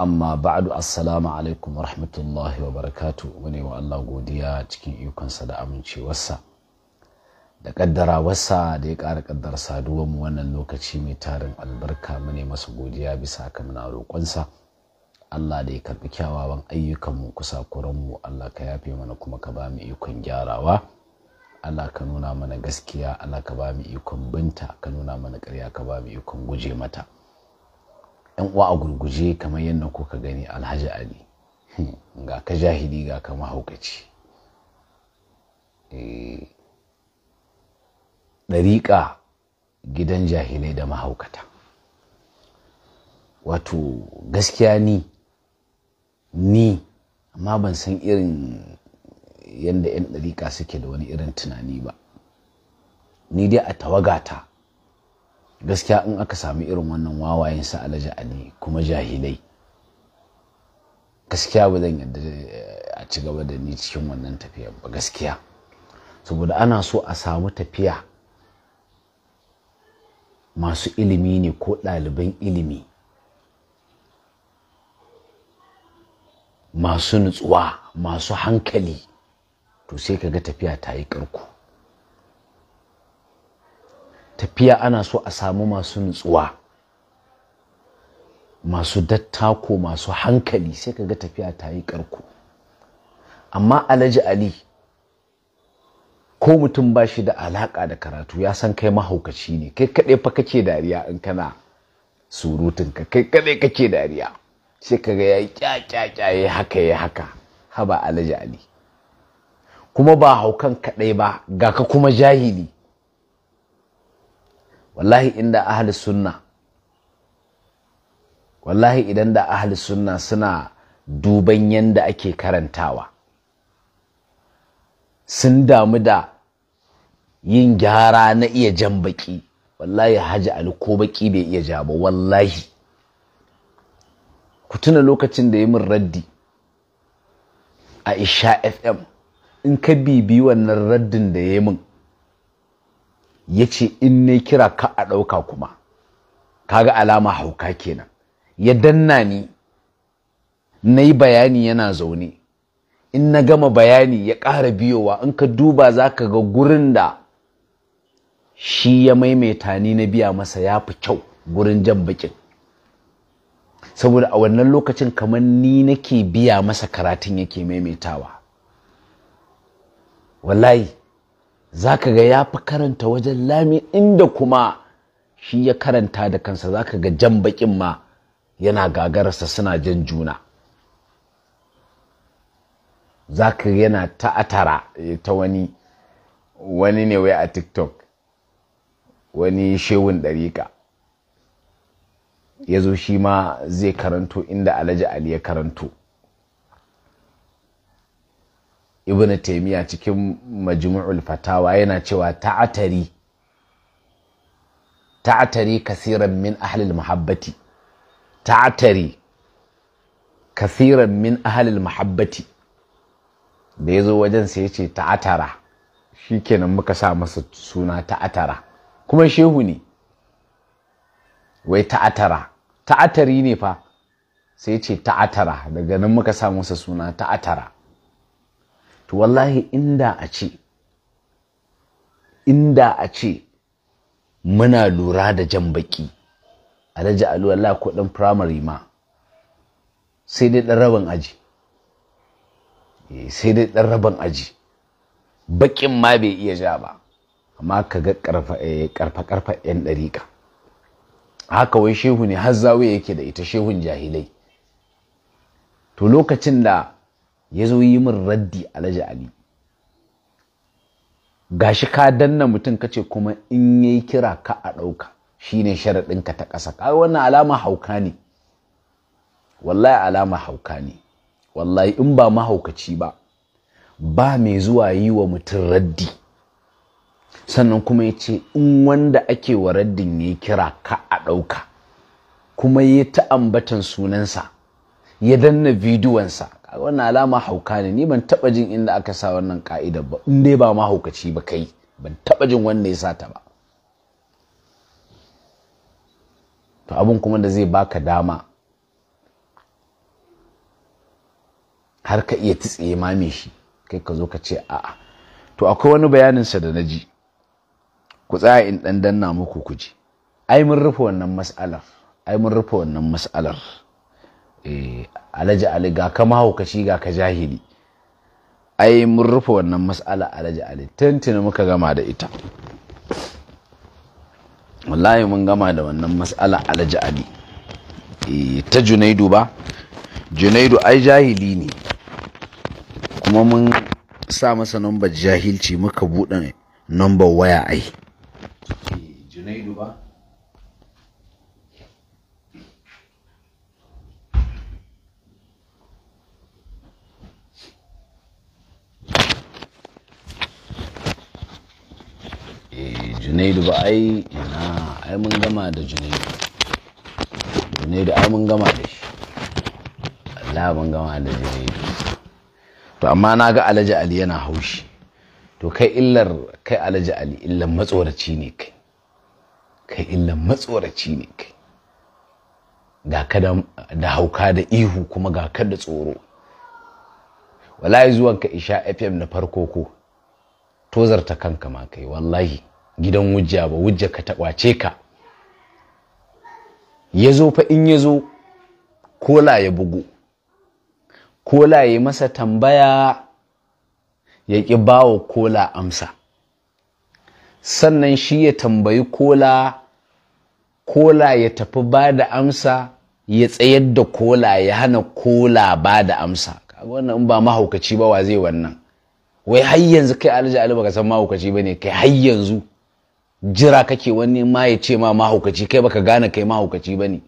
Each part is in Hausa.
amma ba'adu assalamu alaikum wa rahmatullahi wa barakatu wani wa Allah godiya cikin ikonsa da amincewarsa da kaddara wasa da ya ƙara kaddar saduwar mu wannan lokaci mai tarin albarka mune masa godiya bisa kan na roƙonsa Allah da ya karɓi kyawawan ayyukan mu kusa kuran Allah ka yafe mana kuma ka ba mu ikon gyarawa Allah ka nuna mana gaskiya Allah ka ba mu ikon binta ka nuna mana ƙarya ka ba mu ikon guje mata yan uwa a gurguje kamar yadda kuka gani alhaji ali hmm, ga ka jahili ga ka mahaukaci eh, ɗariƙa gidan jahilai da mahaukata wato gaskiya ni ni amma ban san irin yadda 'yan ɗariƙa suke da wani irin tunani ba ni dai a tawagata gaskiya in aka sami irin wannan wawayen sa alaji ali kuma jahilai gaskiya ba zan yadda eh, a ci gaba da ni cikin wannan tafiyar ba gaskiya saboda ana so a samu tafiya masu ilimi ne ko ɗaliban ilimi masu nutsuwa masu hankali to sai ka ga tafiya ta yi ƙarko tafiya ana so a samu masu nutsuwa masu dattako masu hankali sai kaga tafiya ta yi karko amma alhaji ali ko mutum ba shi da alaƙa da karatu ya san kai mahaukaci ne kai kaɗai fa kake dariya in kana surutunka kai kaɗai kake dariya sai kaga ga ya yi ƙyaƙyaƙya ya haka ya haka haba alhaji ali kuma ba haukan kaɗai ba ga ka kuma jahili wallahi inda ahli sunna wallahi idan da ahli sunna suna duban yanda ake karantawa sun damu da yin gyara na iya jan baki wallahi haji ali ko baki bai iya ja ba wallahi ku tuna lokacin da ya min raddi a isha fm in ka bibi wannan raddin da ya min ya ce in ne kira ka a ɗauka kuma kaga alama hauka kenan ya danna ni na yi bayani yana zaune in na gama bayani ya ƙara biyowa in ka duba za ka ga gurin da shi ya maimaita ni na biya masa ya fi kyau gurin jan bakin saboda a wannan lokacin kamar ni nake biya masa karatun yake maimaitawa wallahi za ka ga ya fi karanta wajen lami inda kuma shi ya karanta da kansa za ka ga jan baƙin ma yana gagararsa suna jan juna za ka ga yana ta'atara ta wani wani ne wai a tiktok wani shewun ɗariƙa ya zo shi ma zai karanto inda alhaji ali ya karanto ibn taimiyya cikin majmu'ul fatawa yana cewa ta'atari ta'atari kasiran min ahlil muhabbati ta'atari kasiran min ahlil muhabbati da ya zo wajen sai ce ta'atara shikenan muka sa masa suna ta'atara kuma shehu ne wai ta'atara ta'atari ne fa sai ce ta'atara daga nan muka sa masa suna ta'atara to wallahi inda a ce inda a ce muna lura da jan baki alhaji alu wallahi ko dan primary ma sai dai dan rabin aji eh, sai dai dan rabin aji bakin ma bai iya ja ba amma ka ga karfa-karfa 'yan eh, ɗariƙa haka wai shehu ne har zawe yake da ita shehun jahilai to lokacin da ya zo yi min raddi alhaji ali gashi ka danna mutum ka ce kuma in yayi kira ka a ɗauka shine sharaɗinka ta ƙasa kai wannan alama hauka ne wallahi alama hauka ne wallahi in ba mahaukaci ba ba mai zuwa yi wa mutum raddi sannan kuma ya ce in wanda ake wa raddin ya kira ka a ɗauka kuma ya ta ambatan sunansa ya danna bidiyonsa wannan alama hauka ne ni ban taba jin inda aka sa wannan ka'idar ba in dai ba ma haukaci ba kai ban taba jin wanda ya sa ta ba to abin kuma da zai baka dama har ka iya ma mame shi kai ka zo ka ce a'a to akwai wani bayanin sa da na ji ku tsaya in dan danna muku ku ji ai mun rufe wannan mas'alar ai mun rufe wannan mas'alar Eh, alhaji ali ga ka mahaukaci ga ka jahili ai mun rufe wannan mas'ala alhaji ali tantina muka gama da ita wallahi mun gama da wannan mas'ala alhaji ali eh, ta junaidu ba junaidu ai jahili ne kuma mun sa masa numbar jahilci muka buɗe numbar waya ai junaidu ba ai ina ai mun gama da junaidu junaidu ai mun gama da shi Allah mun gama da junaidu to amma na ga alhaji ali yana haushi to kai illar kai alhaji ali illan matsoraci ne kai kai illan matsoraci ne kai ga ka da hauka da ihu kuma ga ka da tsoro wallahi zuwanka isha fm na farko ko tozarta kanka ma kai wallahi gidan wujja ba wujja ka ta kwace ka ya zo fa in ya zo kola ya bugu kola ya masa tambaya ya ƙi bawa kola amsa sannan shi ya tambayi kola kola ya tafi ba da amsa ya tsayar da kola ya hana kola ba da amsa wannan in ba mahaukaci ba wa zai wannan wai har yanzu kai alji ali ka san mahaukaci ba ne kai har yanzu jira kake wani ma ya ce ma mahaukaci kai baka gane kai mahaukaci ba ne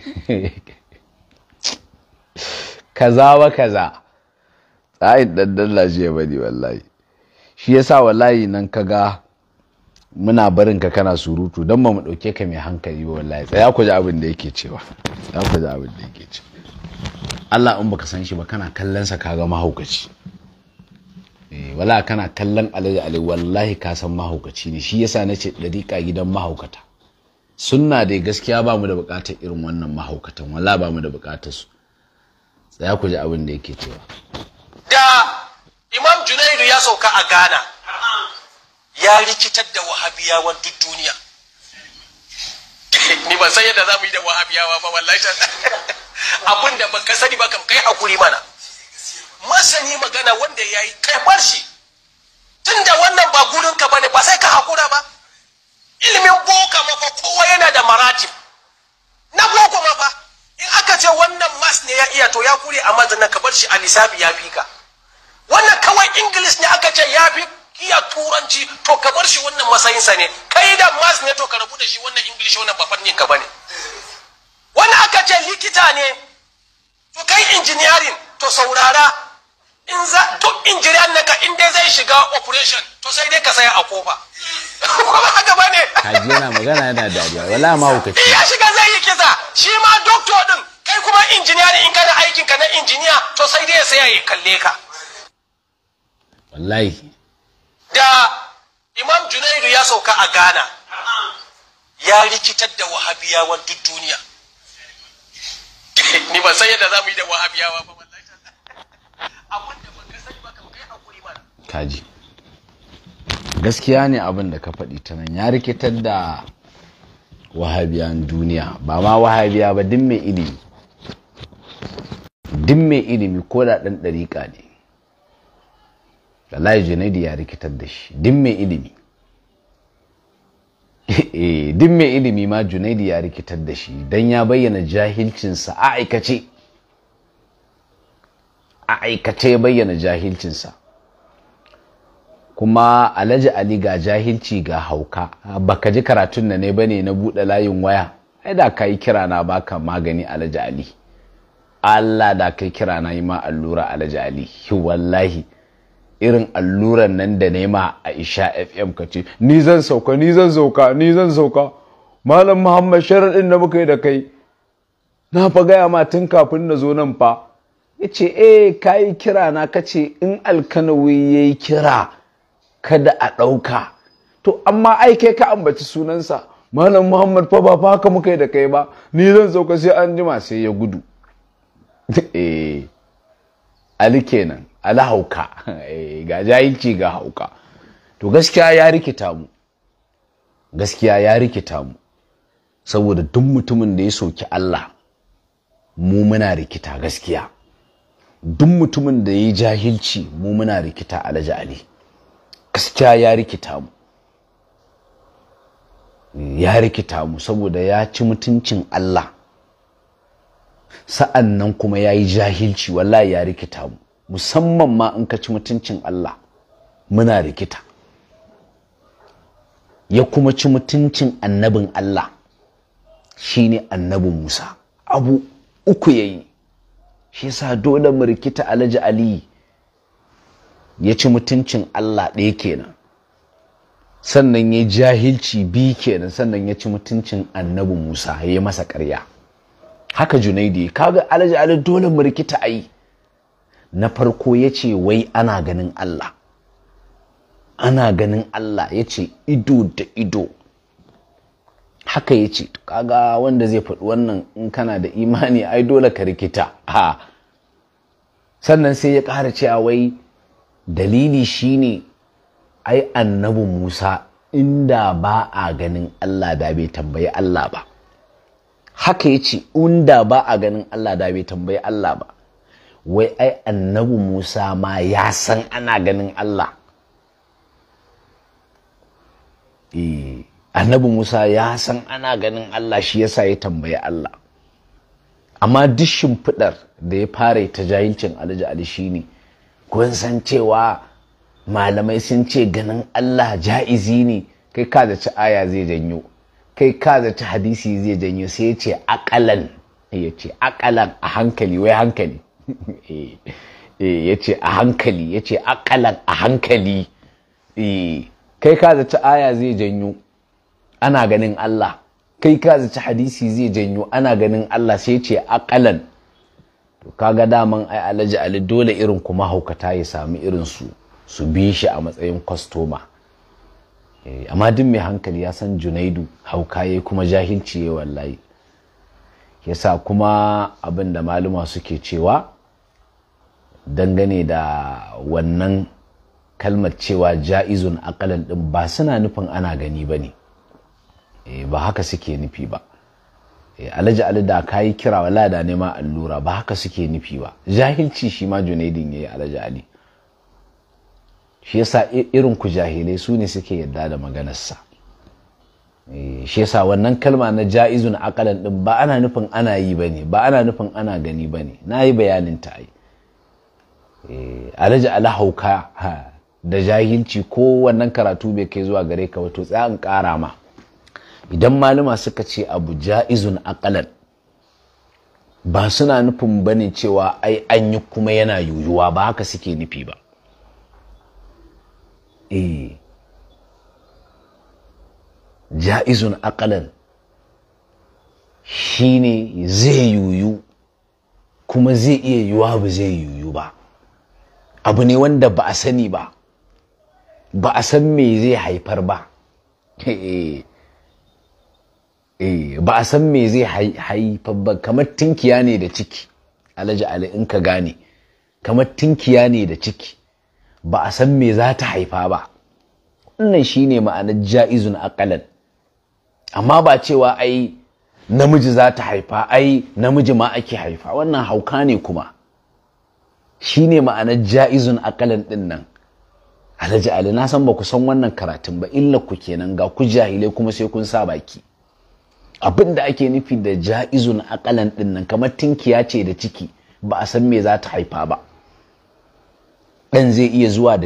kaza ba kaza tsayin ɗanɗan lashe ba ne wallahi shi ya sa wallahi nan ka ga muna barin ka kana surutu don ba mu ɗauke ka mai hankali ba wallahi tsaya ku ji abin da yake cewa tsaya ku ji abin da yake cewa Allah in baka san shi ba kana kallon sa kaga mahaukaci Eh, wala kana kallon alayya alayya wallahi ka san mahaukaci ne shi yasa nace dariƙa gidan mahaukata sunna dai gaskiya ba mu da buƙatar irin wannan mahaukatan wala ba mu da buƙatar su tsaya ku ji abin da yake cewa da imam junaidu ya sauka a ghana ya rikitar da wahabiyawan duk duniya ni ban san yadda za mu yi da wahabiyawa ba wallahi abin da baka sani ba kam kai hakuri mana masani magana wanda ya yi kai bar shi tunda wannan ba gurinka ba ne ba sai ka hakura ba ilimin boka mafa kowa yana da maratib na boko mafa in aka ce wannan mas ne ya iya to ya kure a mazana ka bar shi a lissafi ya fi ka wannan kawai ingilis ne aka ce ya fi iya turanci to ka bar shi wannan matsayinsa ne kai da mas ne to ka rabu da shi wannan ingilis wannan ba fannin ka bane Wannan aka ce likita ne to kai injiniyarin to saurara in za duk injiriyan naka in dai zai shiga operation to sai dai ka saya a kofa kuma haka ba ne Haji yana magana yana dariya wala ma hukaci ya shiga zai yi kisa shi ma doctor din kai kuma injiniya ne in kana aikin ka na injiniya to sai dai ya saya ya kalle ka wallahi da imam junaidu ya sauka a ghana ya rikitar da wahabiyawan duk duniya ni ban san yadda za mu yi da wahabiyawa ba kaji gaskiya ne abin da ka faɗi ta nan ya rikitar da wahabiyan duniya ba ma wahabiya ba din mai ilimi din mai ilimi ko da ɗan ɗariƙa ne wallahi junaidi ya rikitar da shi din mai ilimi eh, din mai ilimi ma junaidi ya rikitar da shi don ya bayyana jahilcinsa a aikace a aikace bayyana jahilcinsa kuma alhaji ali ga jahilci ga hauka baka ji karatun na ne bane na buɗe layin waya ai da ka yi kira na baka magani alhaji ali allah da kai kira na yi ma allura alhaji ali wallahi irin alluran nan da nema a isha fm ka ce ni zan sauka ni zan sauka ni zan sauka malam muhammad sharaɗin da muka yi da kai na fa gaya ma tun kafin na zo nan fa ya ce eh ka yi kira na ka ce in alkanawi ya yi kira kada a ɗauka to amma ai ka ambaci sunansa malam muhammad fa ba fa muka yi da kai ba ni zan sauka sai an jima sai ya gudu eh ali kenan ala hauka eh, ga jahilci ga hauka to gaskiya ya rikita mu gaskiya ya rikita mu saboda duk mutumin da ya soki Allah mu muna rikita gaskiya duk mutumin da ya yi jahilci mu muna rikita alhaji ali gaskiya ya rikita mu ya rikita mu saboda ya ci mutuncin Allah sa'an nan kuma ya yi jahilci wallahi ya rikita mu musamman ma in ka ci mutuncin Allah muna rikita ya kuma ci mutuncin annabin Allah shine annabin Musa abu uku ya yi shi yasa dole mu rikita alhaji ali ya ci mutuncin allah ɗaya kenan sannan ya jahilci bi kenan sannan ya ci mutuncin annabi musa ya yi masa karya. haka junaidi kaga alhaji ali dole mu rikita ayi na farko ya ce wai ana ganin allah ana ganin allah ya ce ido da ido haka ya ce kaga wanda zai faɗi wannan in kana da imani ai dole ka rikita ha sannan sai ya ƙara cewa wai dalili shine ai annabi musa inda ba a ganin allah da bai tambayi allah ba haka ya ce inda ba a ganin allah da bai tambayi allah ba wai ai annabi musa ma ya san ana ganin allah eh annabi musa ya san ana ganin allah shi yasa ya tambayi allah amma duk shimfiɗar da ya fara ta jahilcin alhaji ali shi ne kun san cewa malamai sun ce ganin allah ja'izi ne kai ka ci aya zai janyo kai ka da ci hadisi zai janyo sai ya ce akalan ya ce akalan a hankali wai hankali eh, eh, ya ce a hankali ya ce akalan a hankali eh, kai ka zaci aya zai janyo ana ganin Allah kai ka zaci hadisi zai janyo ana ganin Allah sai ce akalan to kaga daman ai alaji ali dole irin kuma haukata ya samu irin su su bi shi a matsayin kwastoma eh, amma duk mai hankali ya san junaidu hauka ya kuma jahilci ya wallahi yasa kuma abin da maluma suke cewa dangane da wannan kalmar cewa ja'izun akalan din ba suna nufin ana gani ba ne Eh, ba haka suke nufi ba eh, alhaji ali da ka yi kira wala da nema allura ba haka suke nufi ba jahilci shi ma junaidin ya yi alhaji ali shi yasa irin ku jahilai su ne suke yadda da maganarsa eh, shi yasa wannan kalma na ja'izun akalan din ba ana nufin ana yi ba ne ba ana nufin ana gani ba ne na yi bayanin ta ai alhaji ali hauka da jahilci ko wannan karatu bai kai zuwa gare ka wato tsaya in kara ma idan malama suka ce abu ja'izun akalan ba suna nufin bane cewa ai an yi kuma yana yuyuwa ba haka suke nufi ba eh ja'izun akalan shine zai yuyu kuma zai iya yiwuwa ba zai yuyu ba abu ne wanda ba a sani ba ba a san me zai haifar ba eh. Eh, ba a san me zai haifar ba kamar tinkiya ne da ciki alhaji ali in ka gane kamar tinkiya ne da ciki ba a san me za ta haifa ba wannan shine ma'anar ja'izun akalan amma ba cewa ai namiji za ta haifa ai namiji ma ake haifa wannan hauka ne kuma shine ma'anar ja'izun akalan din nan alhaji ali na san ba ku san wannan karatun ba illa ku kenan ga ku jahilai kuma sai kun sa baki abin da ake nufi da ja'izun akalan din kamar tinkiya ce da ciki ba a san me za ta haifa ba ɗan zai iya zuwa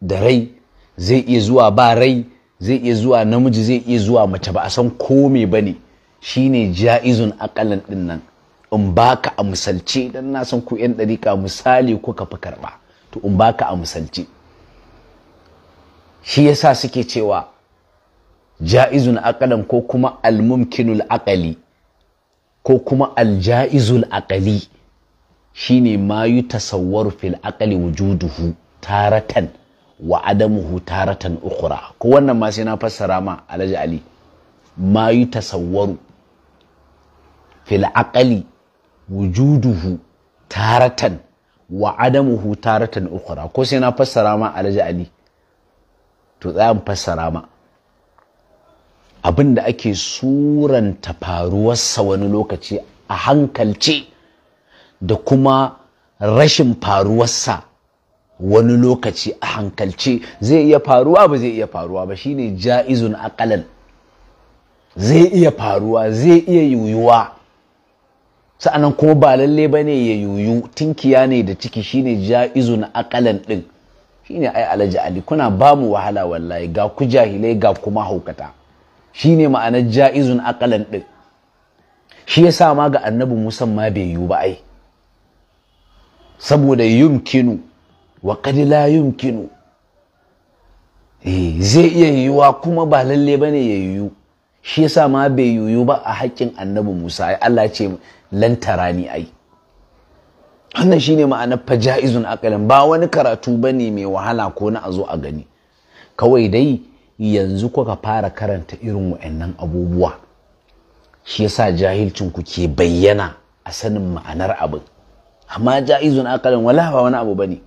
da rai zai iya zuwa ba rai zai iya zuwa namiji zai iya zuwa mace ba a san ko me ba ne shine ja'izun akalan din nan in baka a misalce dan na san ku yan dariƙa misali ka fi karɓa to in baka a misalce shi yasa suke cewa ja'izun aqalan ko kuma almumkinul aqali ko kuma alja'izul aqali shine ma yutasawwaru fil aqali wujuduhu taratan wa adamuhu taratan ukhra ko wannan ma sai na fassara ma alhaji ali ma yutasawwaru fil aqali wujuduhu taratan wa adamuhu taratan ukhra ko sai na fassara ma alhaji ali to tsayan fassara ma abin da ake suranta faruwarsa wani lokaci a hankalce da kuma rashin faruwarsa wani lokaci a hankalce zai iya faruwa ba zai iya faruwa ba shine ja'izun akalan zai iya faruwa zai iya yuyuwa sa'anan kuma ba lalle ba ne ya yuyu. tinkiya ne da ciki shine ja'izun akalan din shine ai alaji ali kuna bamu mu wahala wallahi ga ku jahilai ga kuma haukata Shi ne ma'anar ja'izun akalan ɗin. shi ya sa ma ga annabi Musa ma bai yiwu ba ai saboda yumkinu wa qad la yumkinu eh zai iya yiwuwa kuma ba lalle bane ya yiwu shi ya sa ma bai yiwu ba a haƙƙin annabi Musa ai Allah ce lantara ni ai wannan ne ma'anar faja'izun aqalan ba wani karatu bane mai wahala ko na a zo a gani kawai dai yanzu kuka fara karanta irin wa'annan abubuwa shi yasa jahilcin ku ke bayyana a sanin ma'anar abin amma ja'izun akalin wala ba wani abu bane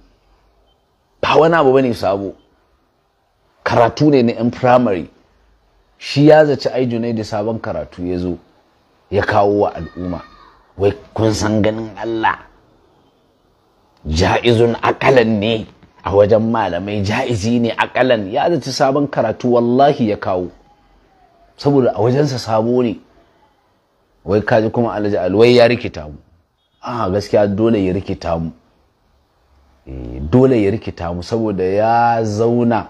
ba wani abu bane sabo karatu ne na yan firamare shi ya zaci ai junai da sabon karatu ya zo ya kawo wa al'umma wai kun san ganin Allah ja'izun akalan ne a wajen malamai ja'izi ne akalan ya zaci sabon karatu wallahi ya kawo saboda a wajensa sabo ne wai kaji kuma alhaji alwai ya rikita mu a gaskiya dole ya rikita mu eh, dole ya rikita mu saboda ya zauna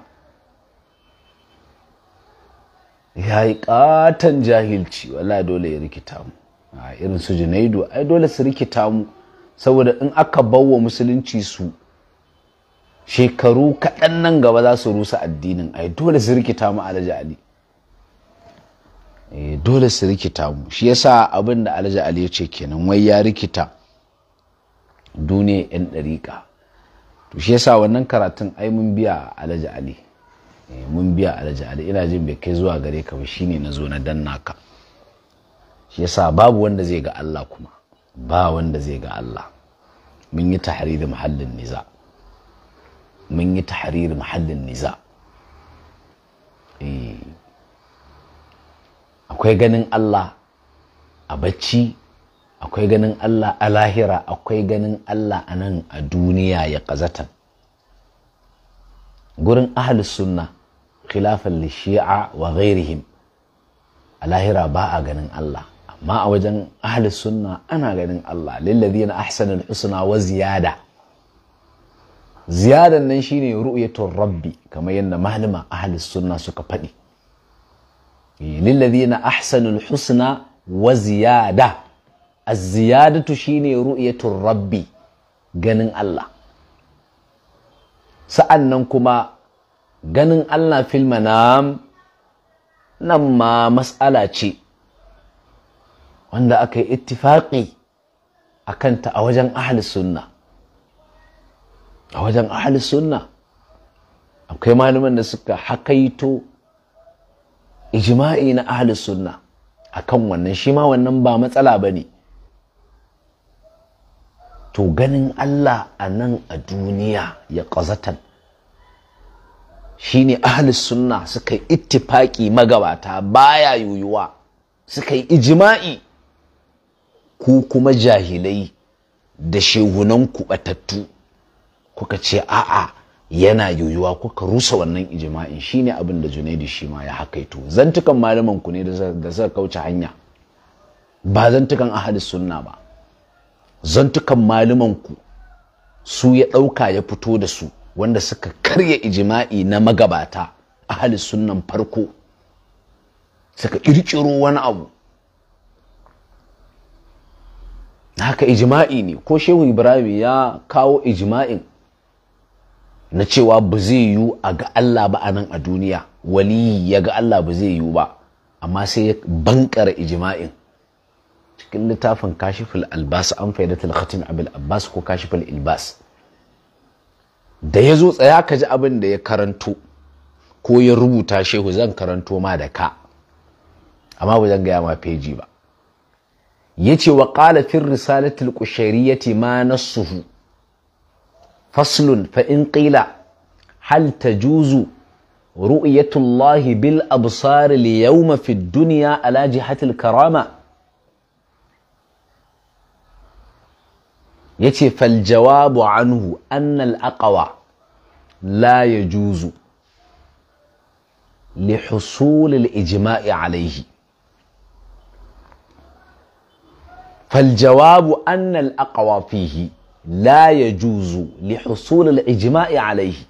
ya yi katon jahilci wala dole ya rikita mu a irin su junaidu ai dole su rikita mu saboda in aka bawa musulunci su shekaru kaɗan nan gaba za su rusa addinin ai dole su rikita mu alhaji ali eh, dole su rikita mu shi yasa abin da alhaji ali ya ce kenan wai ya rikita duniya yan ɗariƙa to shi yasa wannan karatun ai mun biya alhaji ali eh, mun biya alhaji ali ina jin bai kai zuwa gare ka ba shine na zo na danna ka shi yasa babu wanda zai ga Allah kuma ba wanda zai ga Allah mun yi tahari da muhallin niza' mun yi tahrir mahallin niza akwai ganin Allah a bacci akwai ganin Allah a lahira akwai ganin Allah a nan a duniya ya ƙazatan gurin ahalus sunna khilafan li shi'a wa ghairihim a lahira ba a ganin Allah amma a wajen ahalus sunna ana ganin Allah lillazina ahsanul husna wa ziyada ziyarar nan shine ru'yatul rabbi kamar yadda malama ahli sunna suka faɗi eh, lilladhina ahsanul husna wa ziyada az-ziyadatu shine ru'yatul rabbi ganin Allah sa'an nan kuma ganin Allah fil manam nan ma mas'ala ce wanda aka yi ittifaƙi a kanta a wajen ahli sunna a wajen ahli sunna akwai malaman da suka hakaito ijima'i na ahli sunna kan wannan shi ma wannan ba matsala ba ne to ganin Allah a nan a duniya ya ƙazatan ne ahli sunna suka yi ittifaki magabata baya yiwuwa suka yi ijima'i ku kuma jahilai da shehunan kuɓatattu kuka ce a'a yana yoyuwa kuka rusa wannan ijima'in shine abin da Junaidi shi ma ya hakaito zantukan malaman ku ne da suka kauce hanya ba zantukan ahli sunna ba zantukan malaman ku su ya ɗauka ya fito da su wanda suka karya ijima'i na magabata ahli sunnan farko suka ƙirƙiro wani abu haka ijima'i ne ko shehu ibrahim ya kawo ijima'in na cewa ba zai yiwu a ga Allah ba a nan a duniya wali ya ga Allah ba zai yiwu ba amma sai ya bankara ijima'in cikin littafin kashiful albas an faida talhatin abil abbas ko kashiful ilbas da ya zo tsaya ka ji abin da ya karanto ko ya rubuta shehu zan karanto ma da ka amma ba zan gaya ma feji ba ya ce wa Risalatul fin risalatul ƙushariyyati ma suhu. فصل فإن قيل هل تجوز رؤية الله بالأبصار اليوم في الدنيا على جهة الكرامة يتي فالجواب عنه أن الأقوى لا يجوز لحصول الإجماع عليه فالجواب أن الأقوى فيه la ya juzu li husulul ijma'i alaihi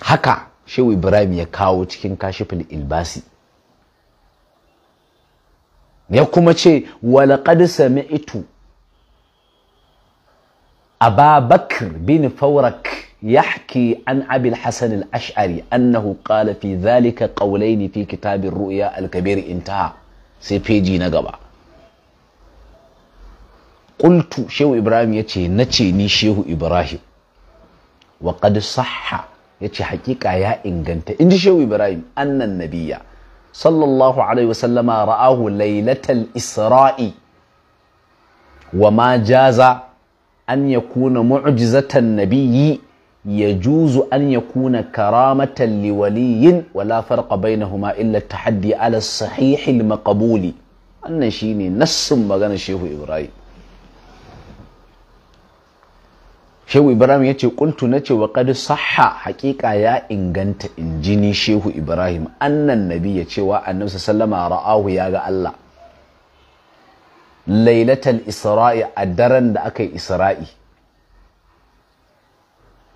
haka shehu ibrahim ya kawo cikin kashifin ilbasi ya kuma ce walaƙad sami'tu bin faurak يحكي عن أبي الحسن الأشعري أنه قال في ذلك قولين في كتاب الرؤيا الكبير انتهى سيبيجي نقبع qultu shehu ibrahim yace nace ni shehu ibrahim wa qad sahha yace hakika ya inganta inji shehu ibrahim annan nabiyya sallallahu alaihi wasallama ra'ahu lailatal isra'i wa ma jaza an yakuna mu'jizatan nabiyyi يجوز أن يكون كرامة لولي ولا فرق بينهما إلا التحدي على الصحيح المقبول أن شيني نس مغانا شيخ إبراهيم shehu ibrahim ya ce kultu na ce wa saha sahha hakika ya inganta in jini shehu ibrahim annan nabi ya cewa annabsa sallama ra'ahu ya ga Allah lailatal isra'i a daren da aka yi isra'i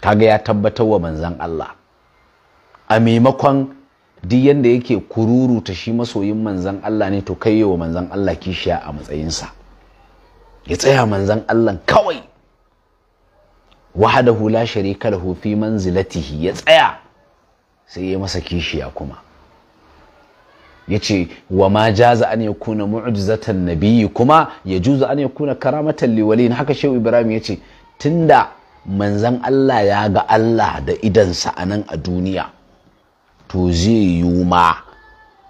kaga ya tabbatar wa manzan Allah a maimakon duk yadda yake kururu ta shi masoyin manzan Allah ne to kai wa manzan Allah kishiya a matsayinsa ya tsaya manzan Allah kawai wahadahu la sharika lahu fi manzilatihi ya tsaya sai ya masa kishiya kuma yace wa ma jaza an yakuna mu'jizatan nabiyyi kuma ya juza an yakuna karamatan Na haka shehu ibrahim yace tunda manzan Allah ya ga Allah da idansa anan a duniya to zai yi ma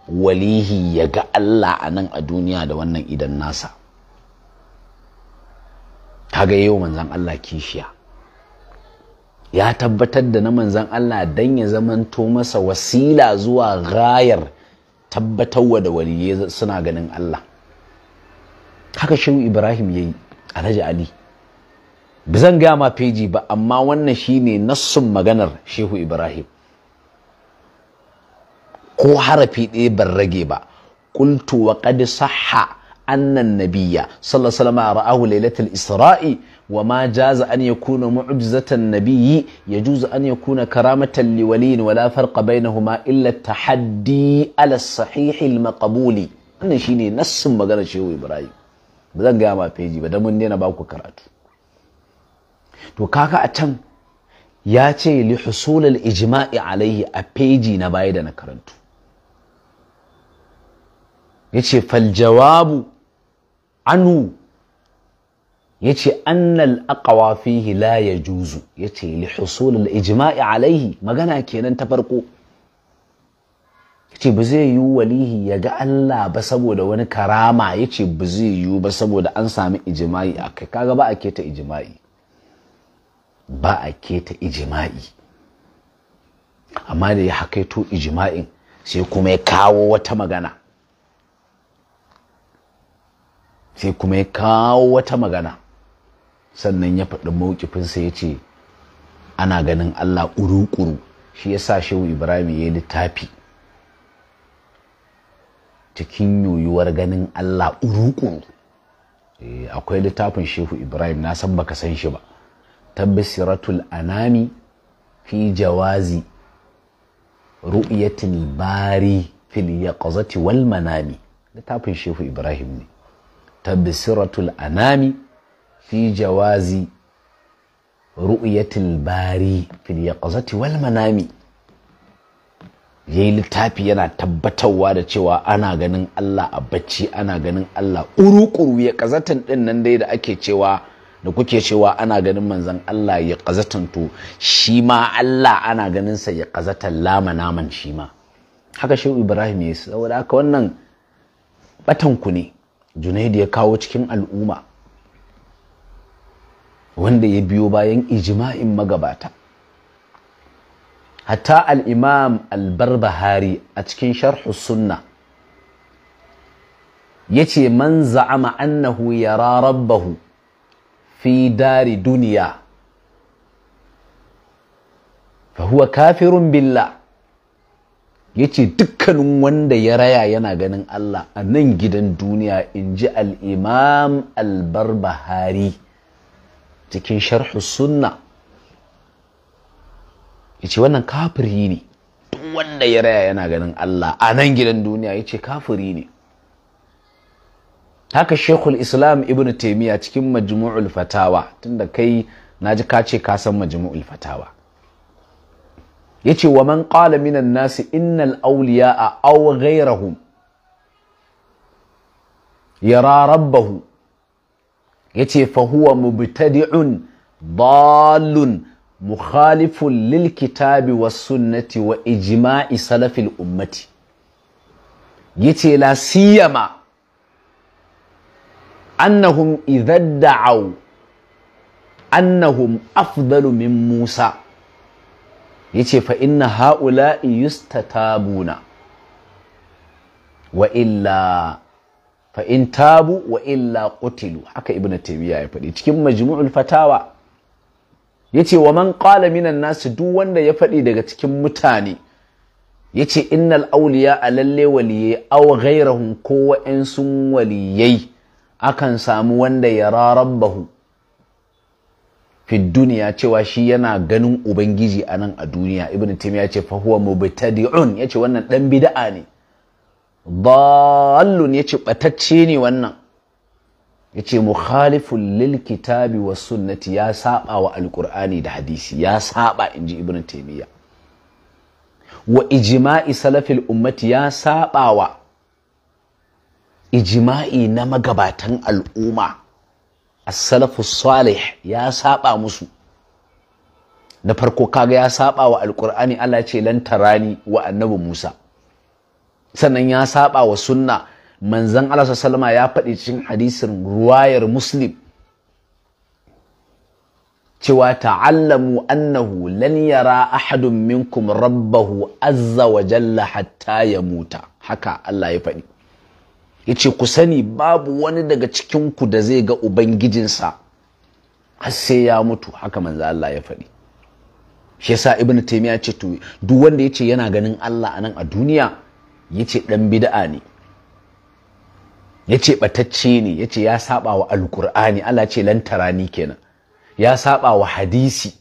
walihi ya ga Allah a nan a duniya da wannan idan nasa kaga yau manzan Allah kishiya ya tabbatar da na manzan Allah dan ya zamanto masa wasila zuwa gayar tabbatarwa da waliyai suna ganin Allah haka shehu Ibrahim yayi Alhaji Ali zan gaya ma feji ba amma wannan shine nassun maganar shehu Ibrahim ko harafi ɗaya ban rage ba qultu wa qad sahha annan nabiyya sallallahu alaihi wasallam ra'ahu lailatul isra'i Wama jaza an yakuna mu'jizatan nabiyyi yajuzu an yakuna karamatan liwaliyin wala farqa bainahuma illa tahaddi ala sahihi al-maqbuli wannan shine nassin maganar shehu ibrahim ba zan gaya ma feji ba dan mun daina ba ku karatu to kaka a can ya ce li husulul ijma'i alaihi a feji na baya da na karantu yace fal jawabu anu yace annal aqwa fihi la yajuzu yace li husul al ijma'i alaihi magana kenan ta farko yace ba zai yiwu walihi ya ga Allah ba saboda wani karama yace ba zai yiwu ba saboda an sami ijma'i akai kaga ba a keta ijma'i ba a keta ijma'i amma da ya hakaito ijma'in sai kuma ya kawo wata magana sai kuma ya kawo wata magana sannan ya faɗi sa ya ce ana ganin Allah ƙuru-ƙuru shi ya sa shehu ibrahim ya yi littafi cikin yoyuwar ganin Allah ƙuru-ƙuru eh, akwai littafin shehu ibrahim na san baka san shi ba Siratul anami fi jawazi ru'yatul bari fil yaqzati wal manami littafin shehu ibrahim ne Siratul anami fi jawazi ru'yatil bari fil yaqazati wal manami yayi littafi yana tabbatarwa da cewa ana ganin Allah a bacci ana ganin Allah ƙuruƙuru ya ƙazatan ɗin nan dai da ake cewa da kuke cewa ana ganin manzan Allah ya ƙazatan to shi ma Allah ana ganin sa ya ƙazatan lama naman shi ma haka shehu Ibrahim ya saboda haka wannan batanku ne Junaidi ya kawo cikin al'umma wanda ya biyo bayan ijima'in magabata hatta al'imam albarbahari a cikin sharhu sunna ya ce man za'ama annahu yara rabbahu fi dari duniya fahuwa kafirun billa ya ce dukkanin wanda ya raya yana ganin Allah a nan gidan duniya in ji al'imam albarbahari cikin sharhu sunna ce wannan kafiri ne duk wanda ya raya yana ganin Allah a nan gidan duniya ya ce kafiri ne haka shekul islam ibn taimiyya cikin majmu'ul fatawa tunda kai na ji kace ka san majmu'ul fatawa ce wa man qala minan nasi innal awliya'a aw ghayrahum yara rabbahu yace fa huwa mubtadi'un dallun mukhalifun lil kitabi was sunnati wa ijma'i salafil ummati yace la siyama annahum idza da'aw annahum afdalu min Musa yace fa inna haula'i yustatabuna wa illa fa in tabu wa illa qutilu haka ibnu taymiya ya faɗi cikin majmu'ul fatawa yace wa man qala minan nas duk wanda ya faɗi daga cikin mutane yace innal awliya alalle waliyai aw ghayrahum ko sun waliyai akan samu wanda ya rabbahu fi duniya cewa shi yana ganin ubangiji a nan a duniya ibnu taymiya yace fa huwa mubtadi'un yace wannan dan bid'a ne dallun yace batacce ne wannan yace mukhalifun lil kitabi wa sunnati ya saba wa alqur'ani da hadisi ya saba inji ibn taymiya wa ijma'i salafil ummati ya saba wa ijima'i na magabatan al'umma as Salafus salih ya saba musu da farko kaga ya saba wa alqur'ani Allah ce lan tarani wa annabi Musa sannan ya saba wa sunna manzan Allah salama ya faɗi cikin hadisin ruwayar muslim cewa ta'allamu annahu lan yara ahadun minkum rabbahu azza wa jalla hatta ya muta haka Allah ya faɗi Ya ce ku sani babu wani daga cikinku da zai ga ubangijinsa har sai ya mutu haka manzan Allah ya faɗi shi yasa Ibn taimiyya ce to duk wanda yace yana ganin Allah a nan a duniya ya ce ɗan bida'a ne ya ce ɓatacce ne ya ce ya saɓa wa alkur'ani Allah ce lantarani kenan ya saɓa wa hadisi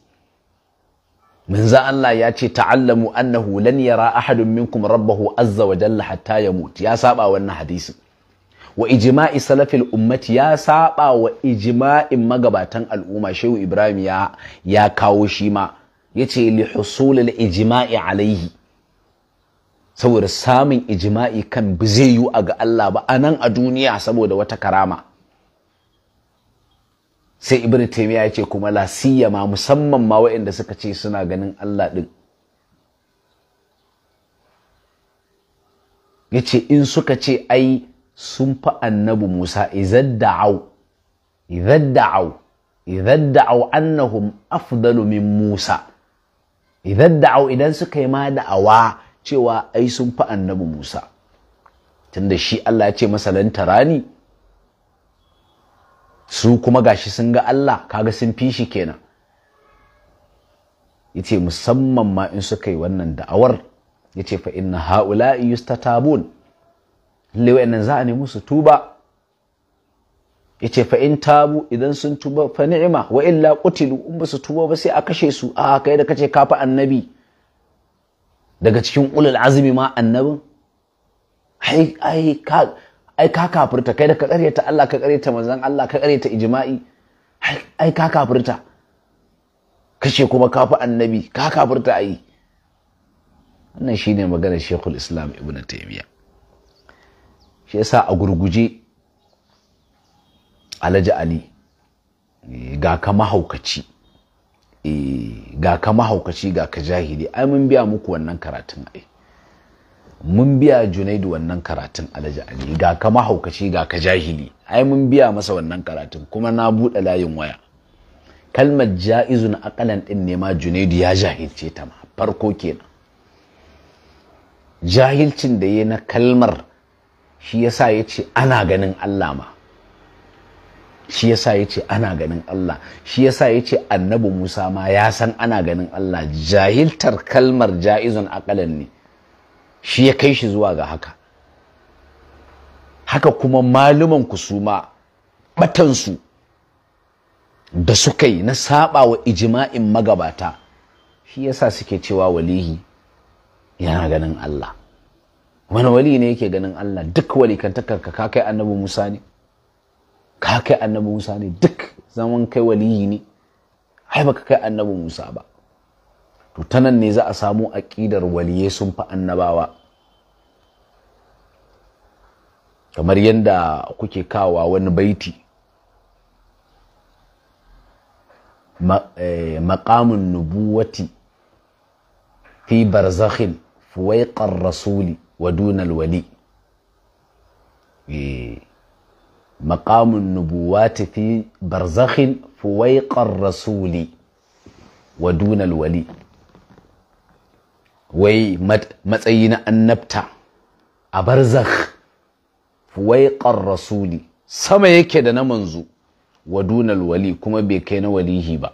manzo Allah ya ce ta'allamu annahu lan yara ahadun minkum rabbahu azza wa jalla hatta yamut ya saba wannan hadisin wa ijma'i salafil ummati ya saba wa ijma'in magabatan al'umma shehu ibrahim ya ya kawo shi ma yace li husulil ijma'i alaihi saboda samun ijima'i kan ba zai yiwu a ga Allah ba a nan a duniya saboda wata karama sai ibn taimiyya ya ce kuma lasiya ma musamman ma waɗanda suka ce suna ganin Allah ɗin ya ce in suka ce ai sun fi annabi Musa izadda'au izadda'au izadda'au annahum afdalu min Musa izadda'au idan suka yi ma da'awa cewa ai sun fi annabi Musa tunda shi Allah ya ce masa lan tarani su kuma gashi sun ga Allah kaga sun fi shi kenan yace musamman ma in suka yi wannan da'awar yace fa inna haula'i yustatabun lalle wayannan za a nemi su tuba yace fa in tabu idan sun tuba fa ni'ima wa illa qutilu in ba su tuba ba sai a kashe su a kai da kace kafa annabi daga cikin ulul azumi ma annabin ai ka ai ka kafirta kai da ka karyata Allah ka karyata manzon Allah ka karyata ijma'i ai ka kafirta kace kuma kafi annabi ka kafirta ai wannan shine maganar Sheikhul Islam Ibn Taymiyyah shi yasa a gurguje Alhaji Ali eh, ga ka mahaukaci E, ga ka mahaukaci ga ka jahili ai mun biya muku wannan karatun ai mun biya junaidu wannan karatun alhaji ali ga ka mahaukaci ga ka jahili ai mun biya masa wannan karatun kuma na buɗe layin waya kalmar ja'izun akalan din ne ma junaidu ya jahilce ta ma farko kenan jahilcin da ya na kalmar shi yasa ya ce ana ganin allah ma shi yasa ya ce ana ganin Allah shi yasa ya ce annabi Musa ma ya san ana ganin Allah jahiltar kalmar ja'izun akalan ne shi ya kai shi zuwa ga haka haka kuma maluman ku su ma batansu da suka yi na saba wa ijima'in magabata shi yasa suke cewa walihi yana ganin Allah wani wali ne yake ganin Allah duk walikantakar ka kai annabi Musa ne ka kai annabi musa ne duk zaman kai waliyi ne ai baka kai annabi musa ba to ta nan ne za a samu aƙidar waliye sun fi annabawa kamar yadda kuke kawa wani baiti maƙamun eh, nubuwati fi barzakhin fuwaiƙar rasuli wa dunal wali eh, maqamun nubuwati fi barzakhin fuwaiqar rasuli wa dunal wali wai matsayi na annabta a barzakh fuwaiqar rasuli sama yake da na manzo wa dunal wali kuma bai kai na walihi ba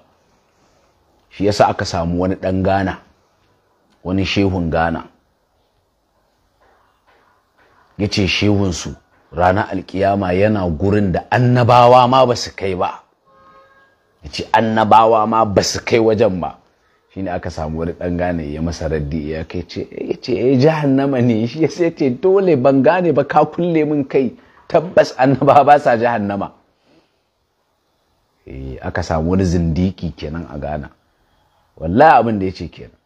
shi yasa aka samu wani ɗan gana wani shehun gana ya ce shehunsu ranar alkiyama yana gurin da annabawa ma ba su kai ba ya ce annabawa ma ba su kai wajen ba shi ne aka samu wani ɗan gane ya masa raddi ya kai ce eh, ya ce ya eh, hannama ne shi ya sai ce dole ban gane ba ka kulle min kai tabbas annabawa ba sa hannama eh, aka samu wani zindiki kenan a gana. wallahi abin da ya ce kenan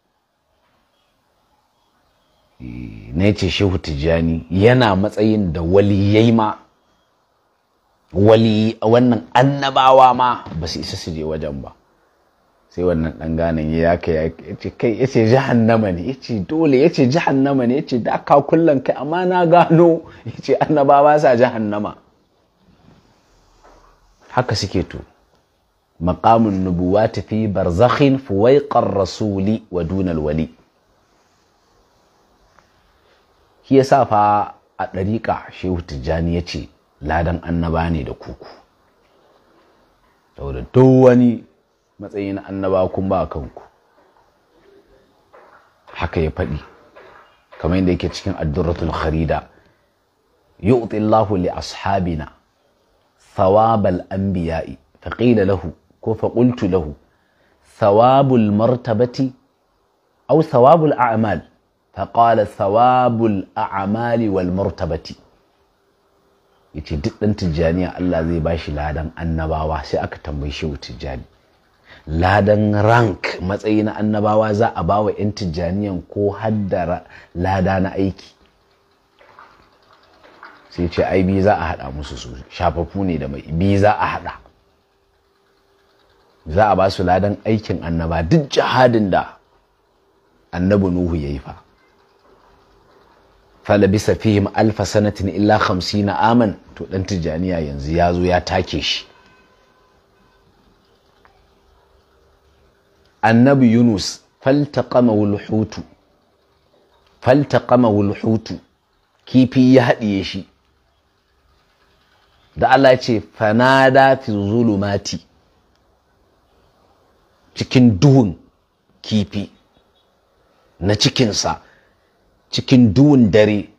na ce shehu tijjani yana matsayin da waliyai ma wali wannan annabawa ma ba su isa su je wajen ba sai wannan ɗan ganin ya yaka ya ce kai ya ce jahannama ne ya ce dole ya ce jahannama ne ya ce da kullum kai amma na gano ya ce annabawa sa jahannama haka suke to maqamun Nubuwa tafi barzakhin fuwaiqar rasuli wa dunal wali shi yasa fa a ɗariƙa shehu tijjani ya ce ladan annaba ne da kuku saboda duk wani matsayin annaba kun ba kanku haka ya faɗi kamar yadda yake cikin addurratul kharida yu'ti Allahu li ashabina thawabal anbiya'i faqila lahu ko faqultu lahu thawabul martabati aw thawabul a'mal Ta faƙala thawabul a'amali wal martabati yace duk ɗan tijjaniya Allah zai ba shi ladan annabawa sai aka tambayi shehu tijjani ladan rank matsayi na annabawa za a ba wa 'yan tijjaniyan ko haddara lada na aiki sai ce ai bi za a hada musu su shafafu ne da mai bi za a haɗa. za a ba su ladan aikin annaba duk jihadin da annabi nuhu ya yi fa falabisa fihim alfa sanatin illa hamsina aman to dan tijjaniya yanzu ya zo ya take shi annabi yunus faltaƙama wulhutu kifi ya haɗiye shi da Allah ce fanada fi zulumati cikin duhun kifi na cikinsa cikin duhun dare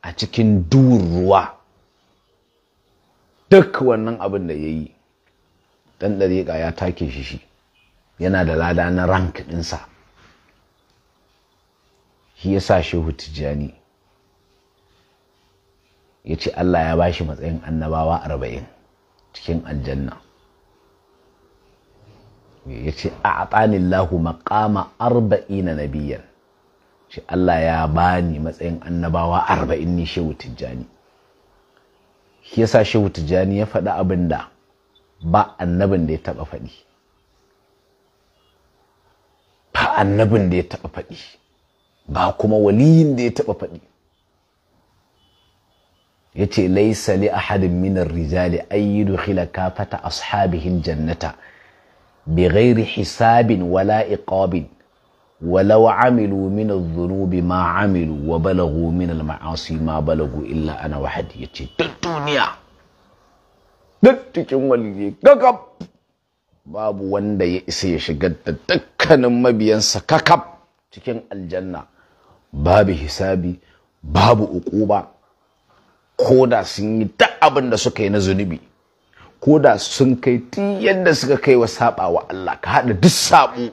a cikin duhun ruwa duk wannan abin da ya yi ɗan ɗariƙa ya take shi shi yana da lada na rank ɗinsa shi ya sa shehu tijjani ya ce allah ya ba shi matsayin annabawa arba'in cikin aljanna ya ce a atsanillahu maƙama arba'ina na biyar shi Allah ya bani matsayin annabawa arba'in ne shehu tijjani shi yasa shehu tijjani ya faɗi abin da ba annabin da ya taɓa faɗi ba annabin da ya taɓa faɗi ba kuma waliyin da ya taɓa faɗi ya ce laisa li ahadin minar rijali ayyidu khila kafata ashabihin jannata bi gairi hisabin wala iqabin ولو عملوا من الذنوب ما عملوا وبلغوا من المعاصي ما بلغوا إلا أنا وحدي يتي الدنيا دتكن ولي ككب باب وندا يسي يشغل دكن مبيان سككب cikin aljanna babu hisabi babu ukuba ko da sun yi duk abin da suka yi na zunubi ko da sun kai ti yadda suka kai wa wa Allah ka haɗa duk saɓo.